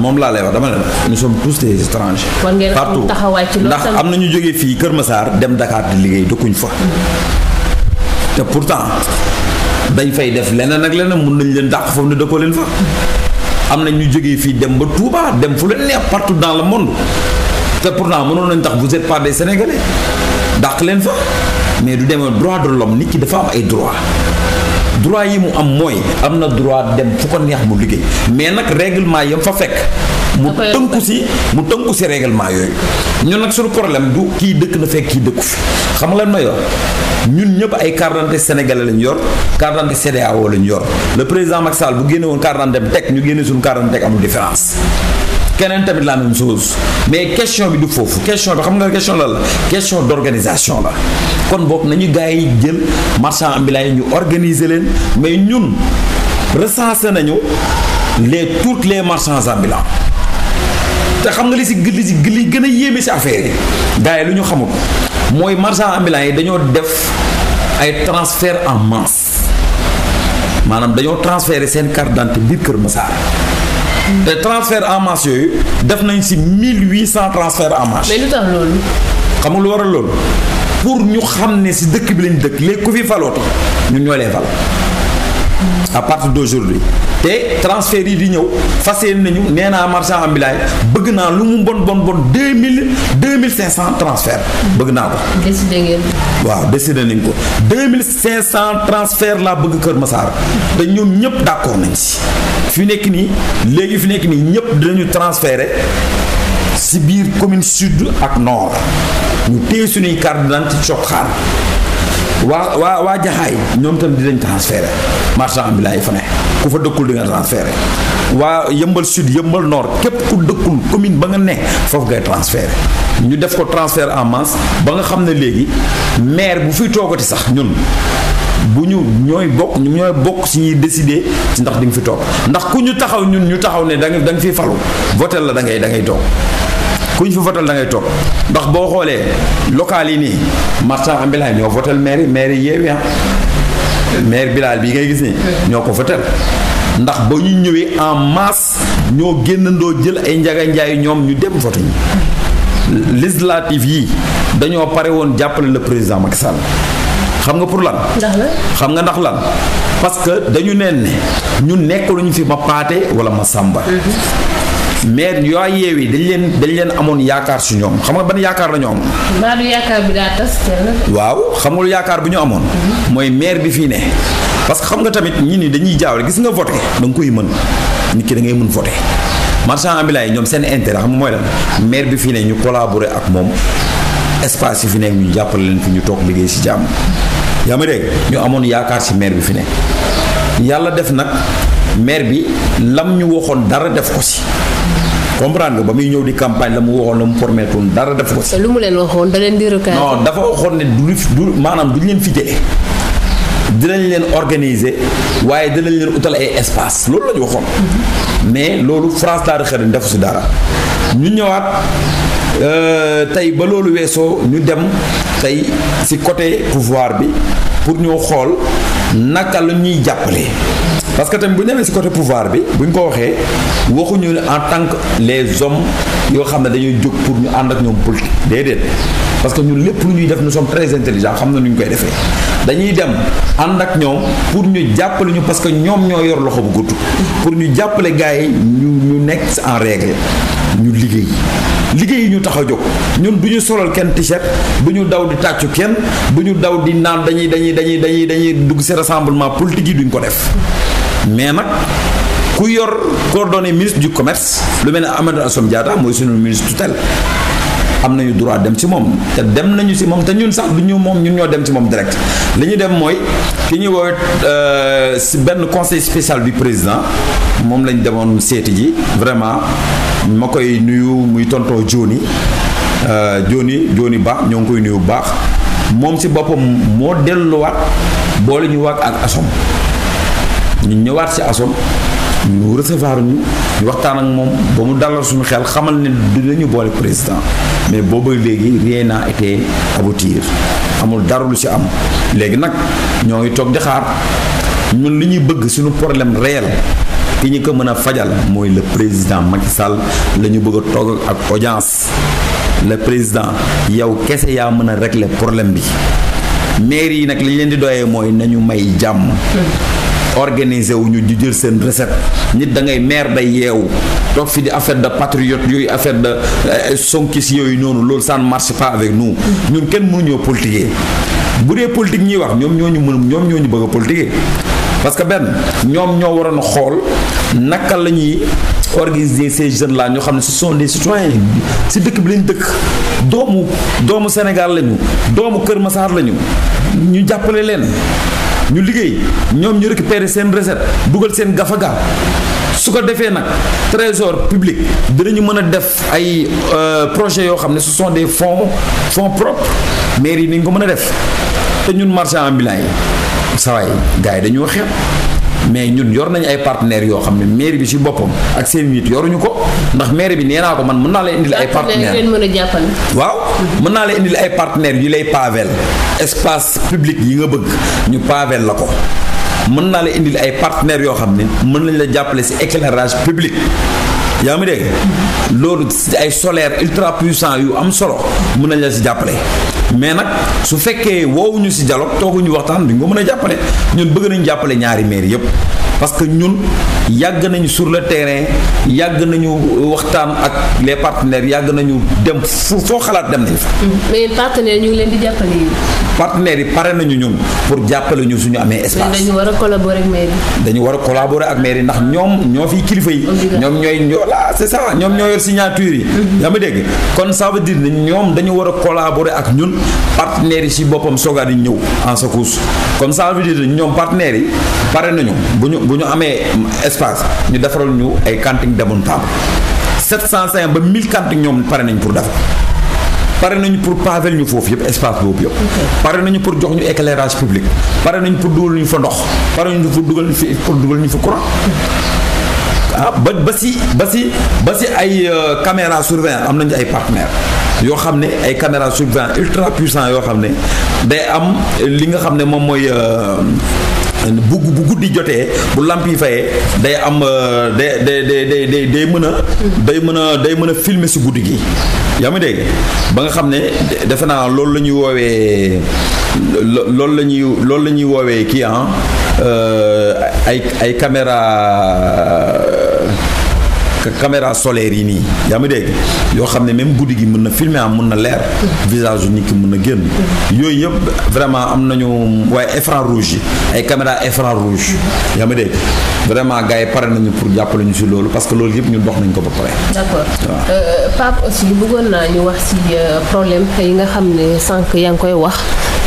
moom laa lay wax dama ne la nous sommes tous des étrangers. war ngeen taxawaay ndax am na ñu jóge fii Kër Massar dem Dakar di liggéey dëkkuñ fa. te pourtant dañ fay def leneen ak leneen mun nañ leen dàq foofu ne dëppoo leen fa. am na ñu jógee fii dem ba Touba dem fu leen neex partout dans le monde te pourtant mënoon nañ tax vous êtes pas des sénégalais dàq leen fa mais du demee droit de l'homme nit ki dafa am ay droit droit yi mu am mooy am na droit dem fu ko neex mu liggéey mais nag règlement yam fa fekk mu tënku si mu tënku si réglement yooyu ñun nag suñu problème du kii dëkk na fekk kii dëkku fi xam nga lan may wax ñun ñëpp ay carte d'identité sénégalais lañ yor carte d'identité CEDEAO lañ yor le président Macky Sall bu génne woon carte d'identité teg ñu génne suñu carte d'identité amul différence keneen tamit la même chose mais question bi du foofu question bi xam nga question la la question d'organisation la kon boog nañu gars yi jël marchand ambulant yi ñu organiser leen mais ñun recensé nañu les toutes les marchands ambulants te xam nga li si li li gën a yéeme si affaire yi gars yi lu ñu xamul mooy marchands ambulants yi dañoo def ay transfert en masse maanaam dañoo transféré seen carte d'identité biir Kër Massar Mm. te transfert en masse yooyu def nañ si 1800 transfert en masse. mais lu tax loolu. xam nga lu waral loolu pour ñu xam ne si dëkk bi lañ dëkk léegi ku fi falootu ñu ñoo lay fal. à partir d'aujourd'hui te transfert yi di ñëw fas yéene nañu nee naa marchand ambulant bëgg naa lu mu bon bon bon deux mille deux mille cinq cent transfert bëgg naa ko. décidé ngeen. waaw décidé nañ ko deux mille cinq cent transfert laa bëgg Kër Massar te ñoom ñëpp d'accord nañ si fi nekk nii léegi fi nekk nii ñëpp dañu transférer si biir commune sud ak nord ñu téye suñuy carte d'identité ci waa waa waa jaxaay ñoom tam dinañ transféré marchand ambulant yi fa ne ku fa dëkkul di nga transféré waa yëmbal sud yëmbal noor képp ku dëkkul commune ba nga ne foofu ngay transféré ñu def ko transfert en masse ba nga xam ne léegi maire bu fi toogati sax ñun bu ñu ñooy bokk ñooy bokk si ñuy décider ci ndax di nga fi toog ndax ku ñu taxaw ñun ñu taxaw ne da nga fi nga fiy falu votel la da ngay da ngay toog kuñ fi votal da ngay toog ndax boo xoolee local yi nii Martin Ambilay ñoo votal maire maire Yewwi ah maire Bilal bi ngay gis ni ñoo ko votal ndax ba ñu ñëwee en masse ñoo génnandoo jël ay njaga njaay ñoom ñu dem vote ñu législative yi dañoo pare woon jàppale la président Macky Sall xam nga pour lan xam nga ndax lan parce que dañu neen ne ñu nekk lu ñu fi ma paate wala ma sàmba mm-hmm. mais yoo yi dañ leen dañu leen amoon yaakaar su ñoom xam nga ban yaakaar la ñu am. maanaam yaakaar bi daa tas waaw xam yaakaar bu ñu amoon. Mm-hmm. mooy maire bi fii ne. parce que xam nga tamit ñi ni dañuy jaawale gis nga voté da nga koy mën nit ki dangay ngay mën voté marchand ambulant ñoom seen intérêt xam nga mooy lan maire bi fii ne ñu collaborer ak moom espace yi fi nekk ñu jàppale leen fi ñu toog liggéey si jàmm. yaa ma dégg ñu amoon yaakaar si maire bi fi ne yàlla def nag maire bi lam ñu waxoon dara def ko comprendre nga ba muy ñëw di campagne la mu waxoon la mu promettre dara def ko si. lu mu leen waxoon da leen di recadrer. non dafa waxoon ne du du maanaam duñ leen fi jëlee dinañ leen organiser waaye dinañ leen utal ay espace loolu la ñu waxoon. mais loolu France daal xëy na defu si dara ñu ñëwaat euh, tey ba loolu weesoo ñu dem tey si côté pouvoir bi pour ñoo xool naka la ñuy jàppale. parce que tamit bu ñu si côté pouvoir bi bu ñu ko waxee waxuñu ne en tant que les hommes yoo xam ne dañuy jóg pour ñu ànd ak ñoom politique déedéet parce que ñun lépp lu ñuy def ni sommes très intelligents xam na nu ñu koy defee dañuy dem ànd ak ñoom pour ñu jàppale ñu parce que ñoom ñoo yor loxo bu gudd pour ñu jàppale gars yi ñu ñu nekk en règle ñu liggéey liggéey ñu tax a jóg ñun du ñu solal kenn t-shirt bu ñu daw di tàccu kenn bu ñu daw di naan dañuy dañuy dañuy dañuy dañuy dugg si rassemblement politique yi duñ ko def mais nag ku yor coordonné ministre du commerce lu mel ne Amadou Assome Diatta mooy sunu ministre tutelle am nañu droit dem ci moom te dem nañu ci moom te ñun sax du ñu moom ñun ñoo dem ci moom direct li ñu dem mooy ki ñuy woowee ci euh, benn conseil spécial bi président moom lañ demoon seeti ji vraiment ma koy nuyu muy tontoo Joni euh, Joni Joni Ba ñoo ngi koy nuyu bu baax moom ci boppam moo delluwaat boole ñu waag ak Assome ñu ñëwaat ci asom ñu recevoir ñu ñu waxtaan ak moom ba mu dalal suñu xel xamal ne dina ñu boole président mais boobu léegi rien n'a été aboutir amul dara lu si am léegi nag ñoo ngi toog di xaar ñun li ñuy bëgg suñu problème réel ki ñu ko mën a fajal mooy le président Macky Sall la ñu bëgg a toog ak audience le président yow kese yaa mën a regle problème bi maire yi nag li leen di doyee mooy nañu may jàmm organiser wu ñu jël seen recette nit da ngay maire day yeewu toog fi di affaire de patriote yooyu affaire de eh, sonkis yooyu noonu loolu ça ne marche pas avec nous ñun kenn mënuñoo politiquer bu dee politique ñuy wax ñoom ñoo ñu mën ñoom ñoo ñu bëgg a politiquer parce que benn ñoom ñoo waroon xool naka la ñuy organiser ces jeunes là ñoo xam ne ce sont des citoyens si dëkk bi lañ dëkk doomu doomu Sénégal lañu doomu Kër masaar lañu ñu jàppale leen. ñu liggéey ñoom ñu récupérer seen recette dugal seen gafaga su ko defee nag trésor public dinañu mën a def ay euh, projets yoo xam ne su sont des fonds fonds propres mairie yi nañ ko mën a def te ñun marchand ambulant yi sawaay gars yi dañoo xeeb mais ñun yor nañu ay partenaires yoo xam ne mairie bi si boppam ak seen nit yoruñu ko ndax mairie bi nee naa ko man mën naa la indil ay partenaires waaw mën naa la indil ay partenaires yu lay pavel espace public yi nga bëgg ñu pavel la ko mën naa la indil ay partenaires yoo xam ne mën nañ la jàppale si éclairage public yaa ngi dégg loolu ay solaire ultra puissant yu am solo mën nañ la si jàppale mais nag su fekkee woowuñu si dialogue tooguñu waxtaan duñ ko mën a jàppale ñun bëgg nañ jàppale ñaari mairie yëpp parce que ñun yàgg nañu sur le terrain yàgg nañu waxtaan ak les partenaires yàgg nañu dem fu foo xalaat dem nañ fa. mais ñu ngi leen di jàppale partenaires yi pare nañu ñun pour jàppale ñu suñu amee espace. dañu war a collaborer ak mairie. dañu war a collaborer ak ndax ñoom ñoo fi kilifa yi. ñoom ñooy ñoo la c'est ça ñoom ñoo yor signature yi. ma mhm. dégg kon ça veut dire ñoom dañu war a collaborer ak ñun partenaires yi si boppam soogaa di ñëw en secousse kon ça ñoom partenaires yi pare nañu ñu bu ñu amee espace ñu defaral ñu ay demon cantine démontable 705 ba 1000 cantine ñoom pare nañ pour defar pare nañu pour pavel ñu foofu yëpp espace boobu yëpp. pare nañu pour jox ñu éclairage public pare nañu pour dugal ñu fa ndox pare nañu pour dugal ñu fi pour dugal ñu fa courant. ah ba ba si ba si ba si ay euh, caméra surveillance am nañu ay partenaires yoo xam ne ay caméra surveillance ultra sant yoo xam ne day am li nga xam ne moom mooy. Euh, bu bu guddi jotee bu lamp yi fayee day am euh, day day day day day mën a. day mën a day mën a filmer si guddi gi. yaa ngi dégg ba nga xam ne defe naa loolu la ñuy woowee loolu lañuy loolu la ñuy woowee kii ah euh, ay ay caméra. caméra solaire yi nii yaa ma dégg yoo xam ne même guddi gi mën na filmer am mën na leer visage yu nit ki mën na génn yooyu yëpp vraiment am nañu waaye écran rouge yi ay caméra écran rouge yaa ma dégg vraiment gars yi pare nañu pour jàppale ñu si loolu parce que loolu yëpp ñu dox nañ ko ba pare d'accord euh, Pape aussi bëggoon naa ñu wax si euh, problème yi nga xam ne sànq yaa ngi koy wax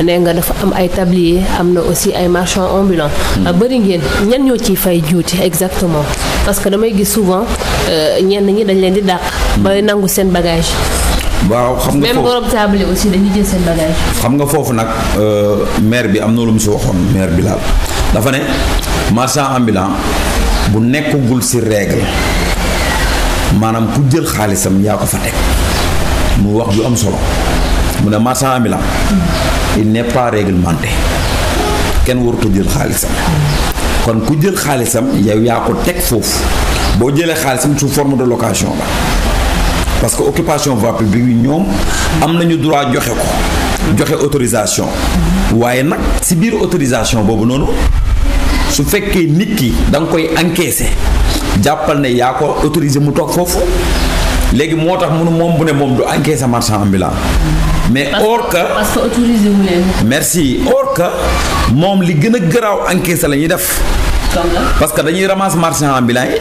nee nga dafa am ay tablier am na aussi ay marchands ambulants. Hmm. Ah, bëri ngeen ñan ñoo ciy fay juuti exactement parce que damay gis souvent euh, ñenn ñi dañ leen di dàq. ba hmm. nangu seen bagage. waaw xam nga foofu même borom aussi dañuy jël seen bagage. xam nga foofu nag euh, maire bi am na lu mu si waxoon maire bi laal dafa ne marchand ambulant bu nekkagul si règle maanaam ku jël xaalisam yaa ko fa teg mu wax ju am solo mu ne marchand ambulant hmm. il n'est pas réglementé kenn waruta jël xaalisam kon ku jël xaalisam yow yaa ko teg foofu boo jëlee xaalisam sous forme de location la parce que occupation voie bi ñoom am nañu droit joxe ko joxe autorisation waaye nag si biir autorisation boobu noonu su fekkee nit ki danga koy encaisser jàppal ne yaa ko autorisé mu toog foofu léegi moo tax munu moom bu ne moom du encaisser marchand ambulant mais or que parce merci or que moom li gën a garaaw encaissé la ñuy def. parce que dañuy ramasse marchand ambulant yi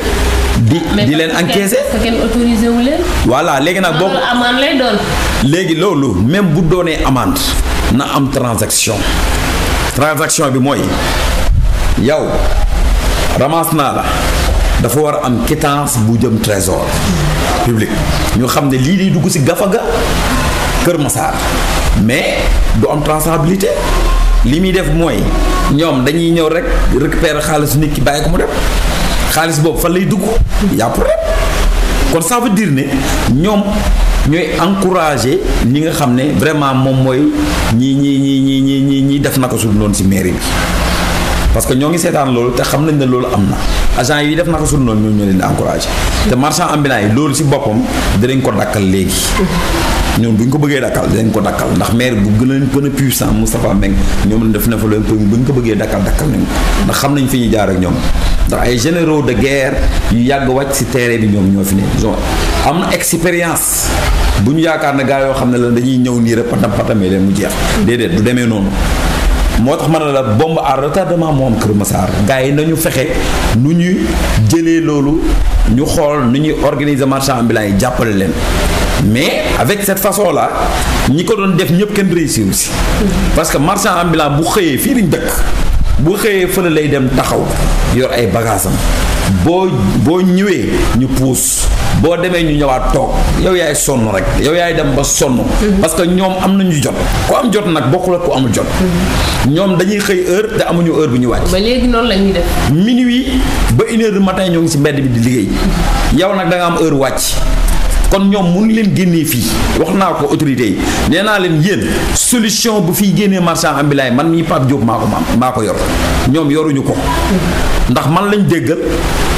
di di leen encaissé kenn autorisé voilà léegi nag boo amande léegi loolu même bu doonee amande na am transaction transaction bi mooy yow ramasse naa la dafa war a am quittance bu jëm trésor public ñu xam ne lii di dugg ci gafa ga Kër Massar mais du am traçabilité li muy def mooy ñoom dañuy ñëw rek récupérer xaalis nit ki bàyyi ko mu dem xaalis boobu fan lay dugg y'a problème kon ça veut dire ne ñoom ñooy encourager ñi nga xam ne vraiment moom mooy ñi ñi ñi ñi ñi ñi ñi def naka su noonu ci mairie bi parce que ñoo ngi seetaan loolu te xam nañ ne loolu am na agent yi def naka su noonu ñoo ñoo leen di te marchand ambulant yi loolu ci boppam dinañ ko dakkal léegi ñoom bu ñu ko bëggee dakkal dinañ ko dakkal ndax maire bu gën a gën a puissant Moustapha ñoom def na fa loolu bu ñu ko bëggee dakkal dakkal nañ ndax xam nañ fi ñu jaar ak ñoom ndax ay généraux de guerre yu yàgg wàcc si terrain bi ñoom ñoo fi ne am na expérience bu ñu yaakaar ne gaa yoo xam ne la dañuy ñëw nii rek patam patamee leen mu jeex déedéet du demee noonu moo tax ma ne la bombe à retardement moo am Kër Massar gars yi nañu fexe nu ñuy jëlee loolu ñu xool nu ñuy organiser marchand ambulant yi jàppale leen mais avec cette façon là ñi ko doon def ñëpp kenn réussir si parce que marchand ambulant bu xëyee fii lañ dëkk bu xëyee fële lay dem taxaw yor ay bagaasam boo boo ñëwee ñu puus boo demee ñu ñëwaat toog yow yaay sonn rek yow yaay dem ba sonn mhm. parce que ñoom am nañu jot ku am jot nag bokkul ak ku amul jot mhm. ñoom dañuy xëy heure te amuñu heure bu ñu wàcc ba léegi noonu la ñuy ba une heure du matin ñoo ngi ci mbedd bi di liggéey mhm. yow nag da am heure wàcc kon ñoom mun leen génne fii wax naa ko autorité yi nee naa leen yéen solution bu fiy génnee marchand ambulant man mii Pape Diop maa ko maam maa ko yor ñoom yoruñu ko ndax man lañ déggal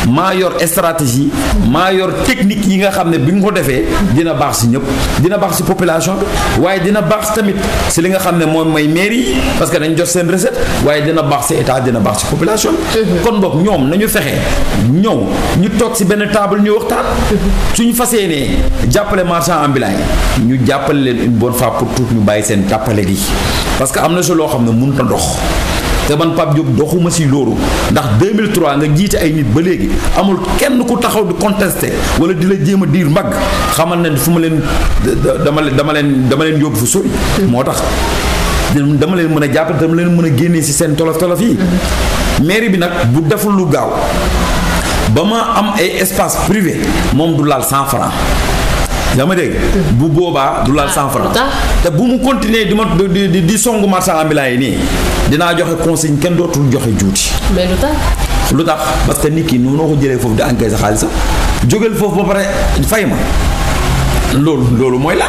maa yor stratégie maa yor technique yi nga xam ne bi nga ko defee dina baax si ñëpp dina baax si population waaye dina baax tamit si li nga xam ne moom mooy mairie parce que dañ jot seen recette waaye dina baax si état dina baax si population mhm. kon boog ñoom nañu fexe ñëw ñu toog si benn table ñu waxtaan mhm. suñu fas yéenee jàppale marchand ambulant yi ñu jàppale leen une bon fois pour tout ñu bàyyi seen tàppale gi parce que am na si loo xam ne mënut a dox te man Pape Diop doxuma si loolu ndax 2003 nga jiite ay nit ba léegi amul kenn ku taxaw di contesté wala di la jéem a diir mbagg xamal ne fu ma leen dama dama leen dama leen yóbbu fu sori moo tax dama leen mën a jàpp dama leen mën a génnee si seen tolof tolof yi mairie bi nag bu deful lu gaaw ba ma am ay espace privé moom du laal 100 francs yaa ma dégg bu boobaa du laal cent franc ah, te bu mu continuer di ma di di songu marchand ambulant yi nii dinaa joxe consigne kenn dootul joxe juuti. mais lu tax. lu tax parce que nit ki noonu ko jëlee foofu di encaisser sa xaalis jógeel foofu ba pare fay ma loolu loolu mooy la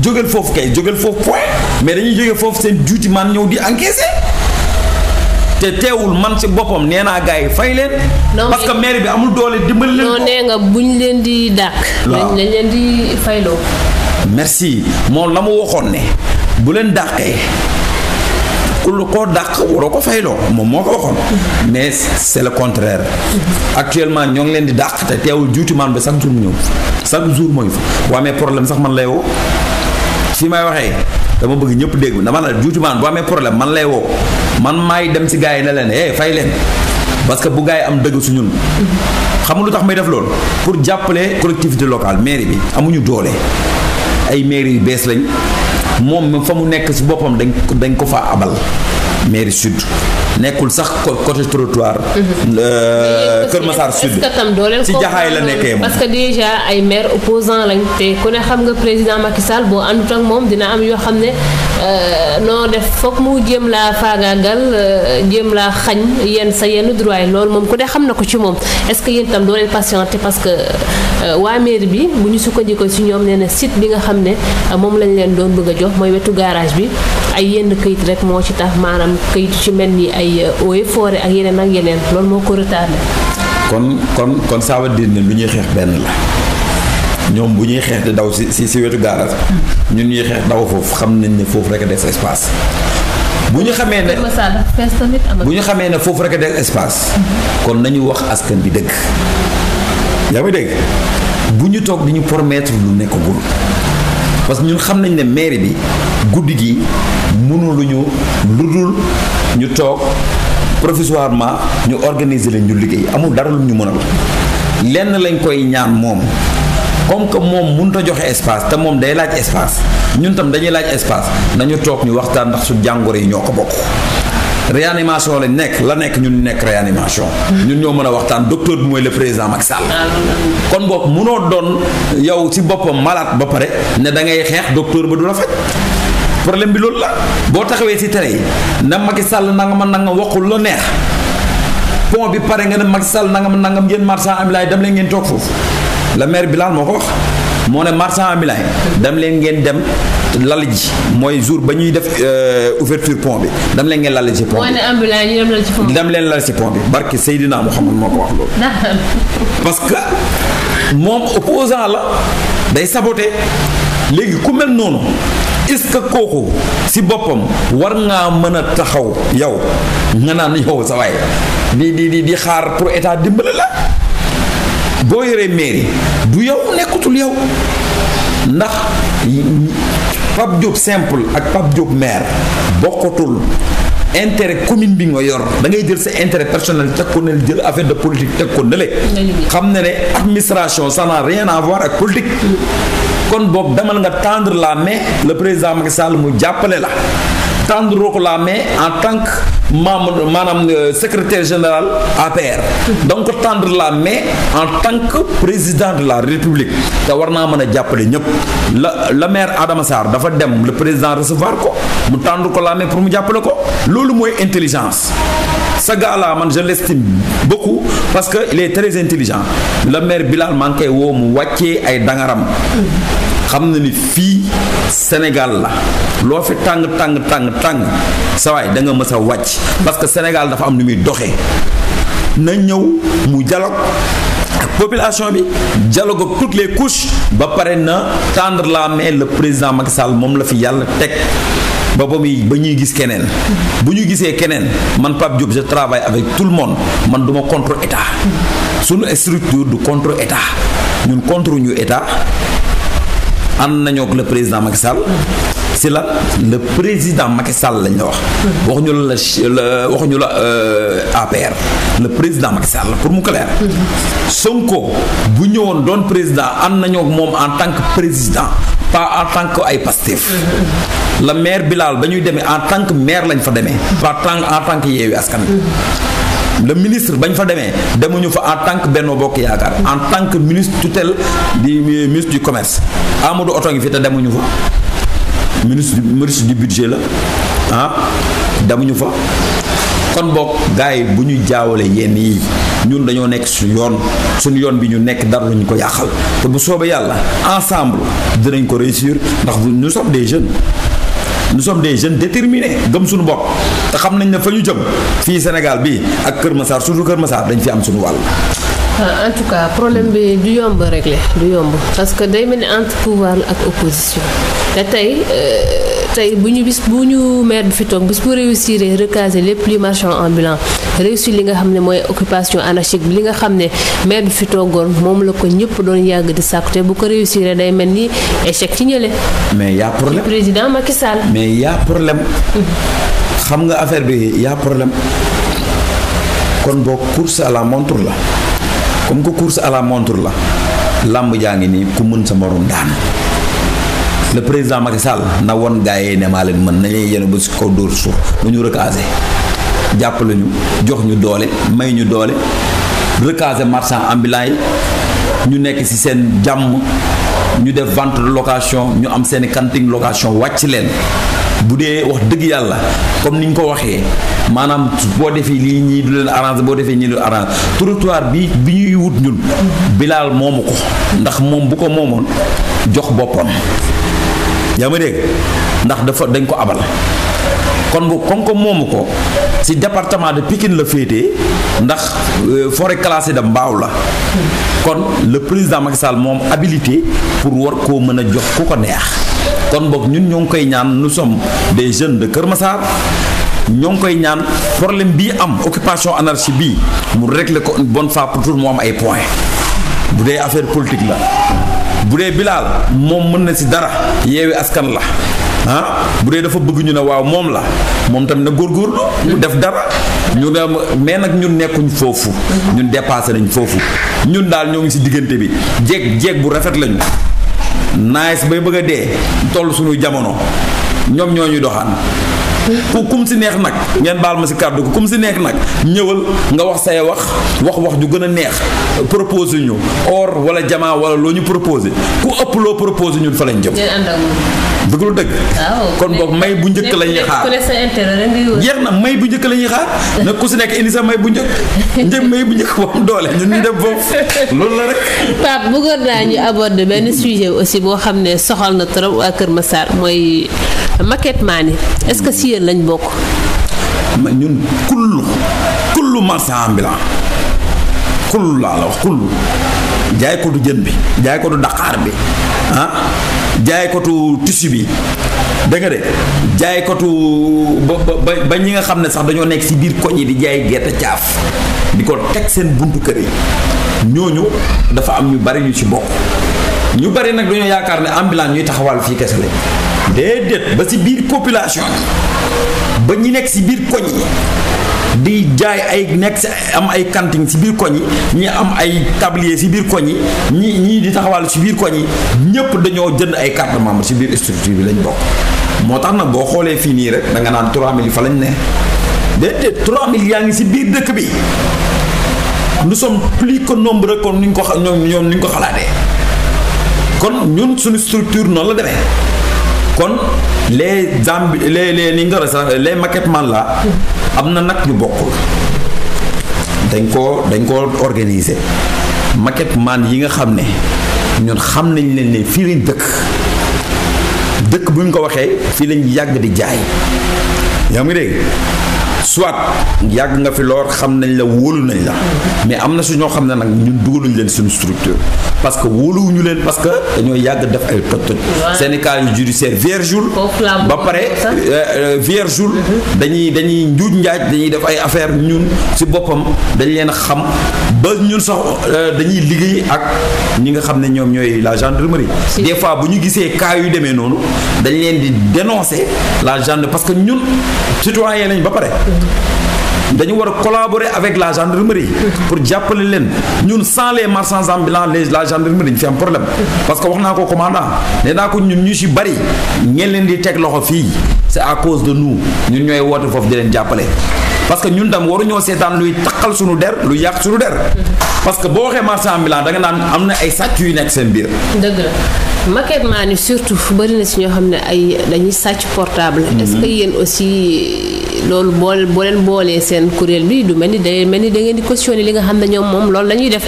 jógeel foofu kay jógeel foofu point mais dañuy jógee foofu seen juuti man ñëw di encaisser. te teewul man si boppam nee naa gars yi fay leen. parce que maire bi amul doole dimbali leen ko. non nee nga buñ leen di dàq. waaw dañ leen di fayloo. merci moom la mu waxoon ne bu leen dàqee. lu koo dàq waroo ko fayloo moom moo ko waxoon mais c'est le contraire actuellement ñoo ngi leen di dàq te teewul juuti maan ba chaque jour mu ñëw chaque jour mooy fa waa mais problème sax man lay woo fi may waxee dama bëgg ñëpp dégg dama la juuti maan bu amee problème man lay woo man maay dem si gars yi ne leen eh fay leen parce que bu gaa yi am dëgg su ñun xam lu tax may def loolu pour jàppale collectivité locale mairie bi amuñu doole ay mairie yu bees lañ moom fa mu nekk si boppam dañ ko dañ ko fa abal mair sud nekkul sax côté trottoir. Mhm. Euh, Kër Massar sud. ci jaxaay la nekkee moom. parce que déjà maire opposant lañ te ku nga président Macky Sall boo àndut ak moom dina am yoo xam ne euh, noo def foog mu jéem laa faagaagal euh, jéem laa xañ yenn sa yenn droit yi loolu moom ku ne xam na ko ci moom est-ce que yéen itam doo leen patienté que waa mairie bi bu ñu sukkandikoo ci ñoom nee na site bi nga xam ne moom lañ leen doon bëgg a jox mooy wetu garage bi. ay yenn këyit rek moo ci tax maanaam këyit ci mel ni ay euh, eaux et forêt ak yeneen ak yeneen loolu moo ko retardé. kon kon kon ça veut dire lu ñuy xeex benn la ñoom bu ñuy xeex di daw si si si wetu garage ñun ñuy xeex daw foofu xam nañ ne foofu rek a des espace. bu ñu xamee ne bu ñu xamee ne foofu rek a espace. Mhm. kon nañu wax askan bi dëkk yaa ngi dégg bu ñu toog di ñu promettre lu nekkagul. parce que ñun xam nañ ne mairie bi guddi gi mënuluñu lu dul ñu toog provisoirement ñu organiser leen ñu liggéey amul dara lu ñu mënal lenn lañ koy ñaan moom comme que moom mënut a joxe espace te moom day laaj espace ñun tam dañuy laaj espace nañu toog ñu waxtaan ndax su jàngoro yi ñoo ko bokk. réanimation la nekk la nekk ñun nekk réanimation. ñun ñoo mën a waxtaan docteur bi mooy le président Macky Sall. kon boog mënoo doon yow ci boppam malade ba pare ne da ngay xeex docteur ba du la faj. problème bi loolu la boo taxawee ci télé yi na Macky Sall nangam nangam waxul la neex pont bi pare nga ne Macky Sall nangam nangam yéen marchand ambulant yi dem leen ngeen toog foofu la maire Bilal moo ko wax moo ne marchand ambulant yi dem leen ngeen dem. lal ji mooy jour ba ñuy def euh, ouvertir pont bi dam leen ngeen lal ci pont bi dam leen lal ci pont bi barke Seydina Muhammad moo ko wax loolu parce que moom opposant la day saboté léegi ku mel noonu est-ce que kooku si boppam war ngaa mën a taxaw yow nga naan yow sa waay di di di xaar pour état dimbali la boo yoree mairie du yow nekkutul yow ndax Pape Diop simple ak Pape Diop maire bokkatul intérêt commune bi nga yor da ngay jël sa intérêt personnel teg ko ne jël affaire de politique teg ko nële xam ne ne administration ça naa rien à ak politique mm. kon boobu demal nga tendre la main le président Macky Sall mu jàppale la tendre ko la mais en tant que membre maanaam euh, secrétaire général APR donc tendre la main en tant président de la république te war naa mën a jàppale ñëpp la la maire Adama Sarr dafa dem le président recevoir ko mu tendre ko la main pour mu jàppale ko loolu mooy intelligence sa gars man je l'estime beaucoup parce que il est très intelligent le maire Bilal maa ngi koy woo mu wàccee ay dangaram xam na ni fii Sénégal la loo fi tàng tàng tàng tàng sawaay da nga mës wàcc parce que Sénégal dafa am nu muy doxe na ñëw mu dialogue ak population bi dialogue ak toutes les couches ba pare na tendre la main le président Macky Sall moom la fi yàlla teg ba ba muy ba ñuy gis keneen bu ñu gisee keneen man Pape Diop je travaille avec tout le monde man duma contre état suñu structure du contre état ñun contre ñu état ànd nañoo ak le président Macky Sall si la le président Macky Sall lañ la wax. waxuñu la waxuñu la euh, APR le président Macky Sall pour mu clair. Sonko bu ñëwoon doon président ànd nañoo ak moom en tant que président pas en tant que ay Pastef. la maire Bilal ba ñuy demee en tant que maire lañ fa demee. pas tant en tant que Yewwi Askan Wi le ministre bañ fa demee demuñu fa en tant que Benno Bokk Yaakaar en tant que ministre tutelle di euh, ministre du commerce Amadou Oto ngi fi te demuñu fa ministre ministre du budget la ah demuñu fa kon boog gars yi bu ñuy jaawalee yenn yi ñun dañoo nekk suñu yoon suñu yoon bi ñu nekk dara luñ ko yàqal te bu soobee yàlla ensemble dinañ ko réussir ndax nous sommes des jeunes nous sommes des jeunes déterminés gëm suñu bopp te xam nañ ne fa ñu jëm fii Sénégal bii ak Kër Massar surtout Kër Massar dañ fi am suñu wàll. Euh, en tout cas problème bi du yomb réglé du yomb parce que day mel ni entre pouvoir ak opposition te tey. Euh, tey bu ñu bis bu ñu maire bi fi toog bis bu réussir recaser lépp luy marchand ambulant réussir li nga xam ne mooy occupation anarchique bi li nga xam ne maire bi fi toogoon moom la ko ñëpp doon yàgg di sàkku te bu ko réussir day mel ni échec ci ñële. mais y' a problème président Macky Sall. mais y' a problème. xam nga affaire bi y' a problème kon boo course à la montre la comme que course à la montre la làmb jaa ngi nii ku mën sa morom daan. le président Macky Sall na won gars ne maa leen mën nañuy yenu ba si kaw dóor suuf nu ñu recasé jàppale ñu jox ñu doole may ñu doole recasé marchand ambulant yi ñu nekk ci seen jàmm ñu def vente de location ñu am seen kanting location wàcc leen bu dee wax dëgg yàlla comme ni ñu ko waxee maanaam boo defee lii ñii du leen arrange boo defee ñii du arrange trottoir bi bi ñuy wut ñun bilaal moomu ko ndax moom bu ko moomoon jox boppam yaa ma dégg ndax dafa dañ ko abal kon bu kon ko moomu ko ci département de Pikine la féetee ndax euh, forêt classée de mbaaw la kon le président Macky moom abilité pour war koo mën a jox ku ko neex kon boog ñun ñoo ngi koy ñaan nous sommes des jeunes de Kër Massar ñoo ngi koy ñaan problème bii am occupation anarchie bii mu régler ko une bonne fois pour tout mu am ay points bu dee affaire politique la bu dee Bilal moom mën na ci dara yeewi askan la ah bu dee dafa bëgguñu ñu ne waaw moom la moom tamit na góorgóorlu mu def dara ñu ne mais nag ñun nekkuñ foofu ñun dépassé nañ foofu ñun daal ñoo ngi ci diggante bi jeeg jeeg bu rafet lañu nice bay bëgg a dee toll suñu jamono ñoom ñoo ñuy doxaan ku kum si neex nag ngeen baal ma si kàddu ko kum si neex nag ñëwal nga wax say wax wax wax ju gën a neex proposé ñu or wala jamaa wala loo ñu proposé ku ëpp loo proposé ñun fa lañ jëm. dëgg dëgg. kon boog may bu njëkk la ñuy xaar may bu njëkk la ñuy xaar nag ku si nekk indi sa may bu njëkk njëg may boobu doole ñun ñu def foofu loolu la rek. Pape bëggoon naa ñu aborder benn sujet aussi boo xam ne soxal na trop waa Kër Massar mooy. maquette maani est-ce que si yéen lañ bokk. ma ñun kullu kullu marchand ambulant kullu laa la wax kullu jaay ko jën bi jaay ko du daqaar bi ah jaay ko du bi. da de jaaykatu ba ba ba ñi nga xam ne sax dañoo nekk ci biir koñ yi di jaay gerte caaf di ko teg seen buntu kër yi ñooñu dafa am ñu bari ñu ci bokk ñu bari nag dañoo yaakaar ne ambulance ñuy taxawal fii kese lañ déedéet ba ci biir population ba ñi nekk si biir koñ yi di jaay ay nekk si am ay cantine si biir koñ yi ñi am ay tablier si biir koñ yi ñi ñii di taxawal si biir koñ yi ñëpp dañoo jënd ay carte membre si biir structure bi lañ bokk moo tax nag boo xoolee fii nii rek da nga naan 3000 fa lañ ne déedéet 3000 yaa ngi si biir dëkk bi nous sommes plus que nombreux comme ni ñu ko ñoom ñoom ni ñu ko xalaatee. kon ñun suñu structure noonu la demee kon les zambi les les ni ñu les maquettes man la am na nag ñu bokkul dañ koo dañ koo organiser maquette man yi nga xam ne ñun xam nañ leen ne fii lañ dëkk dëkk bu ñu ko waxee fii lañ yàgg di jaay yaa ngi dégg soit yàgg nga fi loor xam nañ la wóolu nañ la mais am na su ñoo xam ne nag ñun dugaluñ leen suñu structure parce que wóoluwuñu leen parce que dañoo yàgg def ay toj toj syndicat yu judiciaire vierjul ba pare euh, euh, vierjul mm-hmm. dañuy dañuy njuuj njaaj dañuy def ay affaire ñun ci boppam dañ leen xam ba ñun sax euh, dañuy liggéey ak ñi nga xam ne ñoom ñooy la gendarmerie des fois bu ñu gisee cas yu demee noonu dañ leen di dénoncer la gendarmerie parce que ñun citoyen lañ ba pare mm-hmm. dañu war a collaborer avec la gendarmerie pour jàppale leen ñun sans les marchands ambulants les la gendarmerie ñu fi am problème parce que wax naa ko commandant nee naa ko ñun ñu si bari ñeen leen di teg loxo fii c'est à cause de nous ñun ñooy woote foofu di leen jàppale parce que ñun tam waruñoo seetaan luy taqal suñu der luy yàq suñu der parce que boo waxee marchand ambulant da nga naan am na ay sàcc yu nekk seen biir. dëgg la maquette maa ni surtout bëri na si ñoo xam ne ay dañuy sàcc portable. Mm-hmm. est-ce que yéen aussi. loolu bool boo leen boolee seen kuréel bi du mel ni day mel ni da ngeen di cautionné li nga xam ne ñoom moom loolu la ñuy def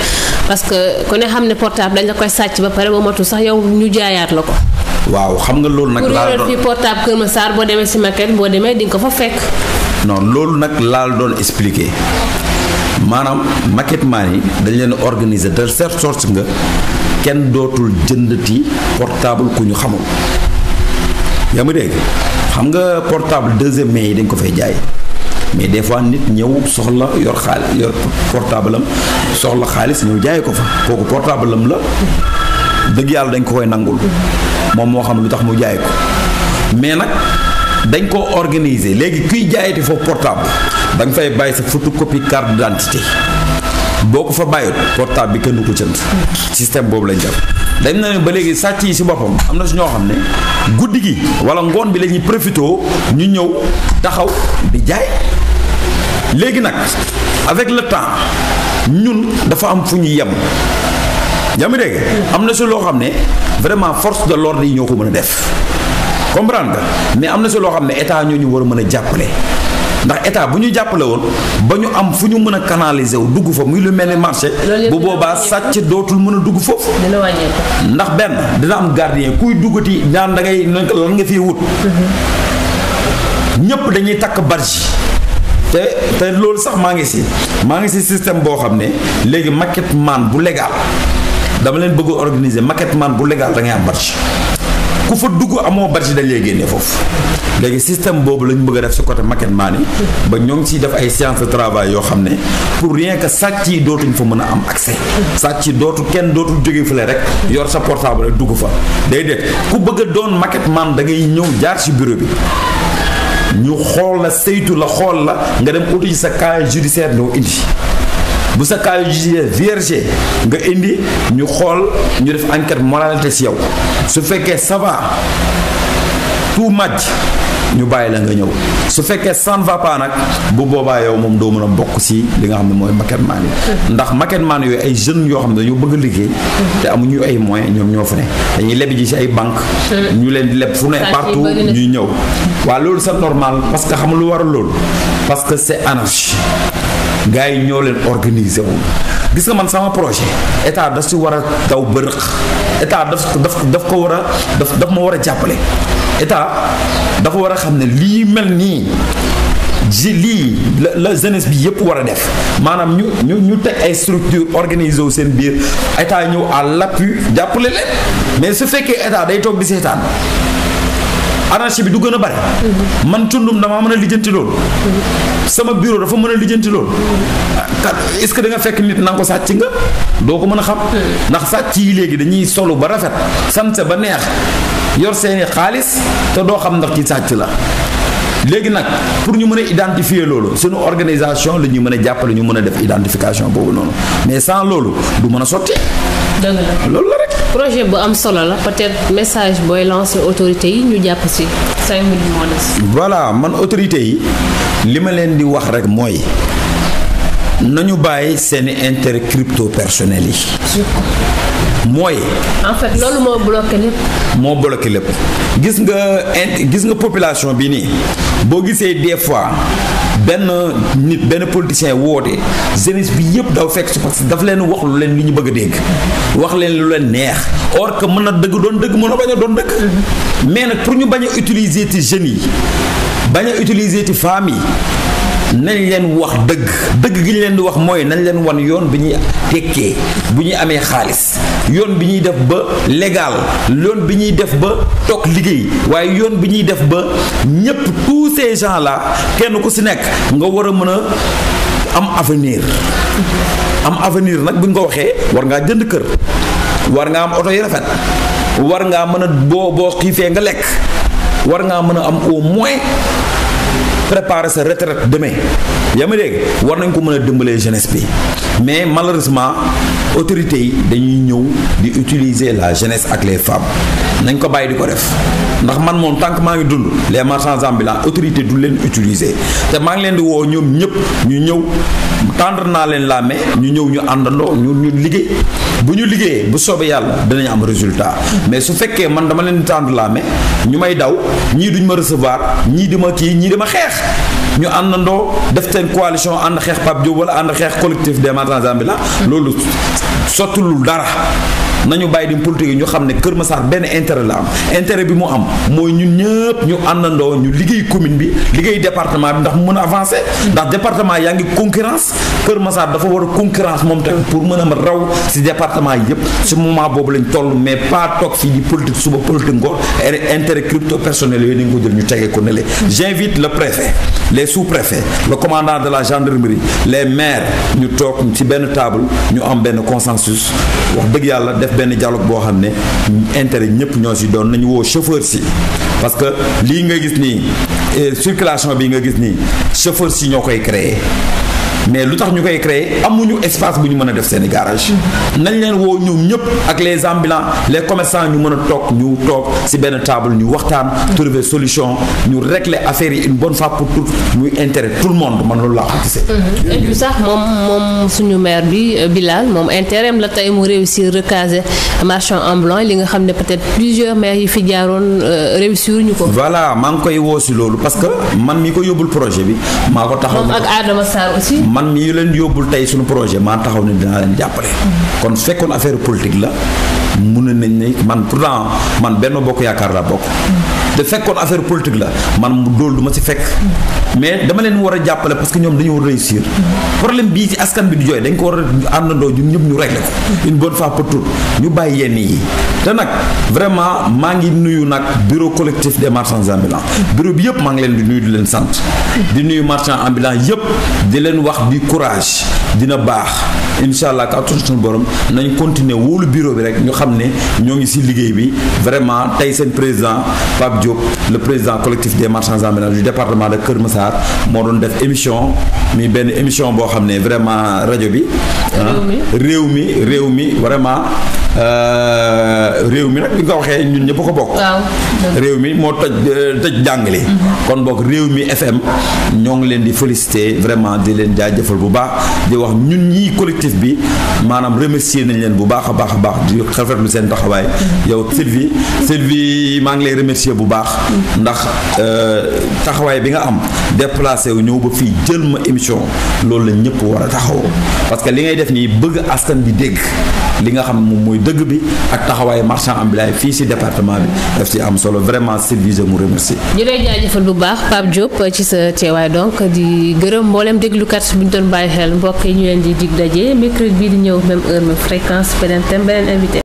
parce que ku ne xam ne portable dañ la koy sàcc ba pare ba motul sax yow ñu jaayaat la ko. waaw xam nga loolu nag. laa doon fi portable Kër boo demee si maquette boo demee di ko fa fekk. non loolu nag laal doon expliqué maanaam maquette man yi dañ leen organiser de telle sorte nga kenn dootul jëndati portable ku ñu xamul yaa ma dégg. xam nga portable deuxième main yi dañ ko fay jaay mais des fois nit ñëw soxla yor xaalis yor portable am soxla xaalis ñëw jaay ko fa kooku portable am la dëgg yàlla dañ ko koy nangul moom moo xam lu tax mu jaay ko mais nag dañ ko organiser léegi kuy jaayati foofu portable da nga fay bàyyi sa photocopie carte d'identité boo ko fa bàyyi portal bi kenn du ko jënd système boobu lañ def dañ na ne ba léegi sàcc yi si boppam am na si ñoo xam ne guddi gi wala ngoon bi lañuy ñuy profité ñu ñëw taxaw bi jaay léegi nag avec le temps ñun dafa am fu ñuy yem yaa ngi am na si loo xam ne vraiment force de l'ordre yi ñoo ko mën a def comprendre nga mais am na si loo xam ne état ñoo ñu war a mën a jàppale ndax état bu ñu jàppale woon ba ñu am fu ñu mën a canaliser wu dugg fa muy lu mel ni marché bu boobaa sàcc dootul mën a dugg foofu ndax benn dina am gardien kuy duggati daan dangay ngay lan nga fii wut ñëpp dañuy takk barji te te loolu sax maa ngi si maa ngi si système boo xam ne léegi market man bu légal dama leen bëgg organiser market man bu légal da ngay am barji ku fa dugg amoo barci dañ lay génnee foofu léegi système boobu la bëgg a def si côté maquette maani ba ñoo ngi ciy def ay séance de travail yoo xam ne pour rien que sàcc yi dootuñ fa mën a am accès sàcc yi dootu kenn dootul jóge fële rek yor sa portable rek dugg fa déedéet ku bëgg a doon maquette man da ngay ñëw jaar si bureau bi ñu xool la saytu la xool la nga dem uti sa cas judiciaire ñoo indi bu sa cas jugé vierge nga indi ñu xool ñu def enquête moralité si yow su fekkee ça va tout match ñu bàyyi la nga ñëw su fekkee san ne nag bu boobaa yow moom doo mën a bokk si li nga xam ne mooy maquetteman yi ndax maquetteman yooyu ay jeunes yoo xam ne dañoo bëgg a liggéey te amuñu ay moyens ñoom ñoo fa ne dañuy leb ji si ay banque ñu leen di fu ne partout ñuy ñëw waa loolu c'est normal parce que xam lu waral loolu parce que c'est anarchie gars yi ñoo leen organiser wu gis nga man sama projet état daf si war a daw bërëq état daf daf daf ko war a daf daf ma war a jàppale état dafa war a xam ne lii mel nii ji lii la la jeunesse bi yëpp war a def maanaam ñu ñu ñu teg ay structure organisé wu seen biir état ñëw à l'appui jàppale leen mais su fekkee état day toog di seetaan anarchie bi du gën a bare man tundum damaa mën a lijjanti loolu sama bureau dafa mën a lijjanti loolu ah, est ce que da nga fekk nit na ko sàcc nga doo ko mën a xam ndax sàcc yi léegi dañuy solu ba rafet sant ba neex yor seeni xaalis te doo xam ndax ci sàcc la léegi nag pour ñu mën a identifier loolu suñu organisation la ñu mën a jàppale ñu mën a def identification boobu noonu mais san loolu du mën a sotti dëgg loolu la rek projet bu am solo la peut-être message booy lancer autorité yi ñu jàpp si say voilà man autorité yi li ma leen di wax rek mooy nañu bàyyi seen intérêt crypto personnel yi. mooy. en fait loolu moo bloqué lépp. moo bloqué lépp gis nga gis nga population bi nii boo gisee des fois. benn nit benn politicien woote jeunesse bi yëpp daw fekk si parce que daf leen wax lu leen li ñu bëgg a dégg wax leen lu leen neex or que mën na dëgg doon dëgg mën na bañ a doon dëgg mais nag pour ñu bañ a utiliser ci jeunes bañ a utiliser ci femmes yi nañ leen wax dëgg dëgg gi ñu leen di wax mooy nañ leen wan yoon bi ñuy tekkee bu ñuy amee xaalis yoon bi ñuy def ba légal yoon bi ñuy def ba toog liggéey waaye yoon bi ñuy def ba ñépp tous ces gens là kenn ku si nekk nga war a mën a am avenir am avenir nag bu ñu ko waxee war ngaa jënd kër war ngaa am oto yu rafet war ngaa mën a boo boo xiifee nga lekk war ngaa mën a am au moins préparer sa retraite demain yaa ma dégg war nañ ko mën a dimbalee jeunesse bi mais malheureusement autorités yi dañuy ñëw di utiliser la jeunesse ak les femmes nañ ko bàyyi di ko def ndax man moom tant maa ngi dund les marchands ambulants autorité du leen utiliser te maa ngi leen di woo ñoom ñëpp ñu ñëw tendre naa leen la main ñu ñëw ñu àndandoo ñu ñu liggéey bu ñu liggéeyee bu soobee yàlla dinañ am résultat mais su fekkee man dama leen di tendre la ñu may daw ñii duñ ma recevoir ñii di ma kii ñii di ma xeex ñu àndandoo def seen coalition ànd xeex Pape Diop wala ànd xeex collectif des marchands ambulants loolu sottilul dara nañu bàyyi di politique yi ñu xam ne Kër Massar benn intérêt la am intérêt bi mu am mooy ñun ñëpp ñu àndandoo ñu liggéey commune bi liggéey département bi ndax mu mën a avancer ndax département yaa ngi concurrence Kër Massar dafa war a concurrence moom tamit pour mën a raw si département yëpp ci moment boobu lañ toll mais pas toog fii di politique suba politique ngoo intere crypto personnel yooyu nañ ko jël ñu tegee ko ne le j'invite le préfet les sous-préfets le commandant de la gendarmerie les maires ñu toog ci benn table ñu am benn consensus wax yàlla def benn dialogue boo xam ne intérêt ñëpp ñoo si doon nañu woo chauffeur si parce que lii nga gis nii circulation bi nga gis nii chauffeur si ñoo koy créer mais lu tax ñu koy créer amuñu espace bu ñu mën a def seeni garage nañ leen woo ñoom ñëpp ak les ambulants les commerçants ñu mën a toog ñu toog ci benn taable ñu waxtaan trouver solution ñu régler affaire yi une bonne fois pour tout muy intérêt tout le monde man loolu laa ko gisee mhm. et puis sax moom moom suñu maire bi euh, Bilal moom intérêt am la tey mu réussir recaser marchand ambulant li nga xam ne peut-être plusieurs maires yi fi jaaroon euh, réussir ñu ko voil maa ngi koy woo ci loolu parce que man mi ko yóbbul projet bi maa ko taxaw man mii leen yóbbul tey suñu projet maa taxaw ne dinaa leen jàppale. kon fekkoon affaire politique la mun nañ ne man pourtant man benn bokk yaakaar laa bokk. da fekkoon affaire politique la man loolu du ma si fekk mais dama leen war a jàppale parce que ñoom dañoo réussir problème bii ci askan bi di jooy dañ ko war a àndandoo ñun ñëpp ñu réglé ko une bonne fois pour toutes ñu bàyyi yenn yi te nag vraiment maa ngi nuyu nag bureau collectif des marchands ambulants bureau bi yëpp maa ngi leen di nuyu di leen sant di nuyu marchands ambulants yëpp di leen wax bi courage dina baax incha allah kàttan suñu borom nañ continuer wóolu bureau bi rek ñu xam ne ñoo ngi si liggéey bi vraiment tey seen président Diop le président collectif des marchands ambulants du département de Kër Massar moo doon def émission mi benn émission boo xam ne vraiment rajo bi. Ah, réew mi réew mi vraiment. Euh, réew mi nag bi nga waxee ñun ñëpp ko bokk. réew mi moo toj euh, toj jàngale. Mhm. kon boog réew mi FM ñoo ngi leen di félicité vraiment di leen jaajëfal bu baax di wax ñun ñii collectif bi maanaam remercier nañ leen bu baax a baax a baax di lu seen taxawaay. Mhm. yow Sylvie Sylvie maa ngi lay remercier bu baax. baax ndax euh, taxawaay bi nga am déplacé wu ñëw ba fii jël ma émission loolu la ñëpp war a taxawoo parce que li ngay def nii bëgg askan bi dégg li nga xam moom mooy dëgg bi ak taxawaayu marchand ambulant fii si département bi daf ci am solo vraiment service mu remercier. ñu lay jaajëfal bu baax Pape Diop ci sa teewaay donc di gërëm mboolem déglukat bu ñu doon bàyyi xel mbokk yi ñu leen di dig daje mercredi bii di ñëw même heure même fréquence beneen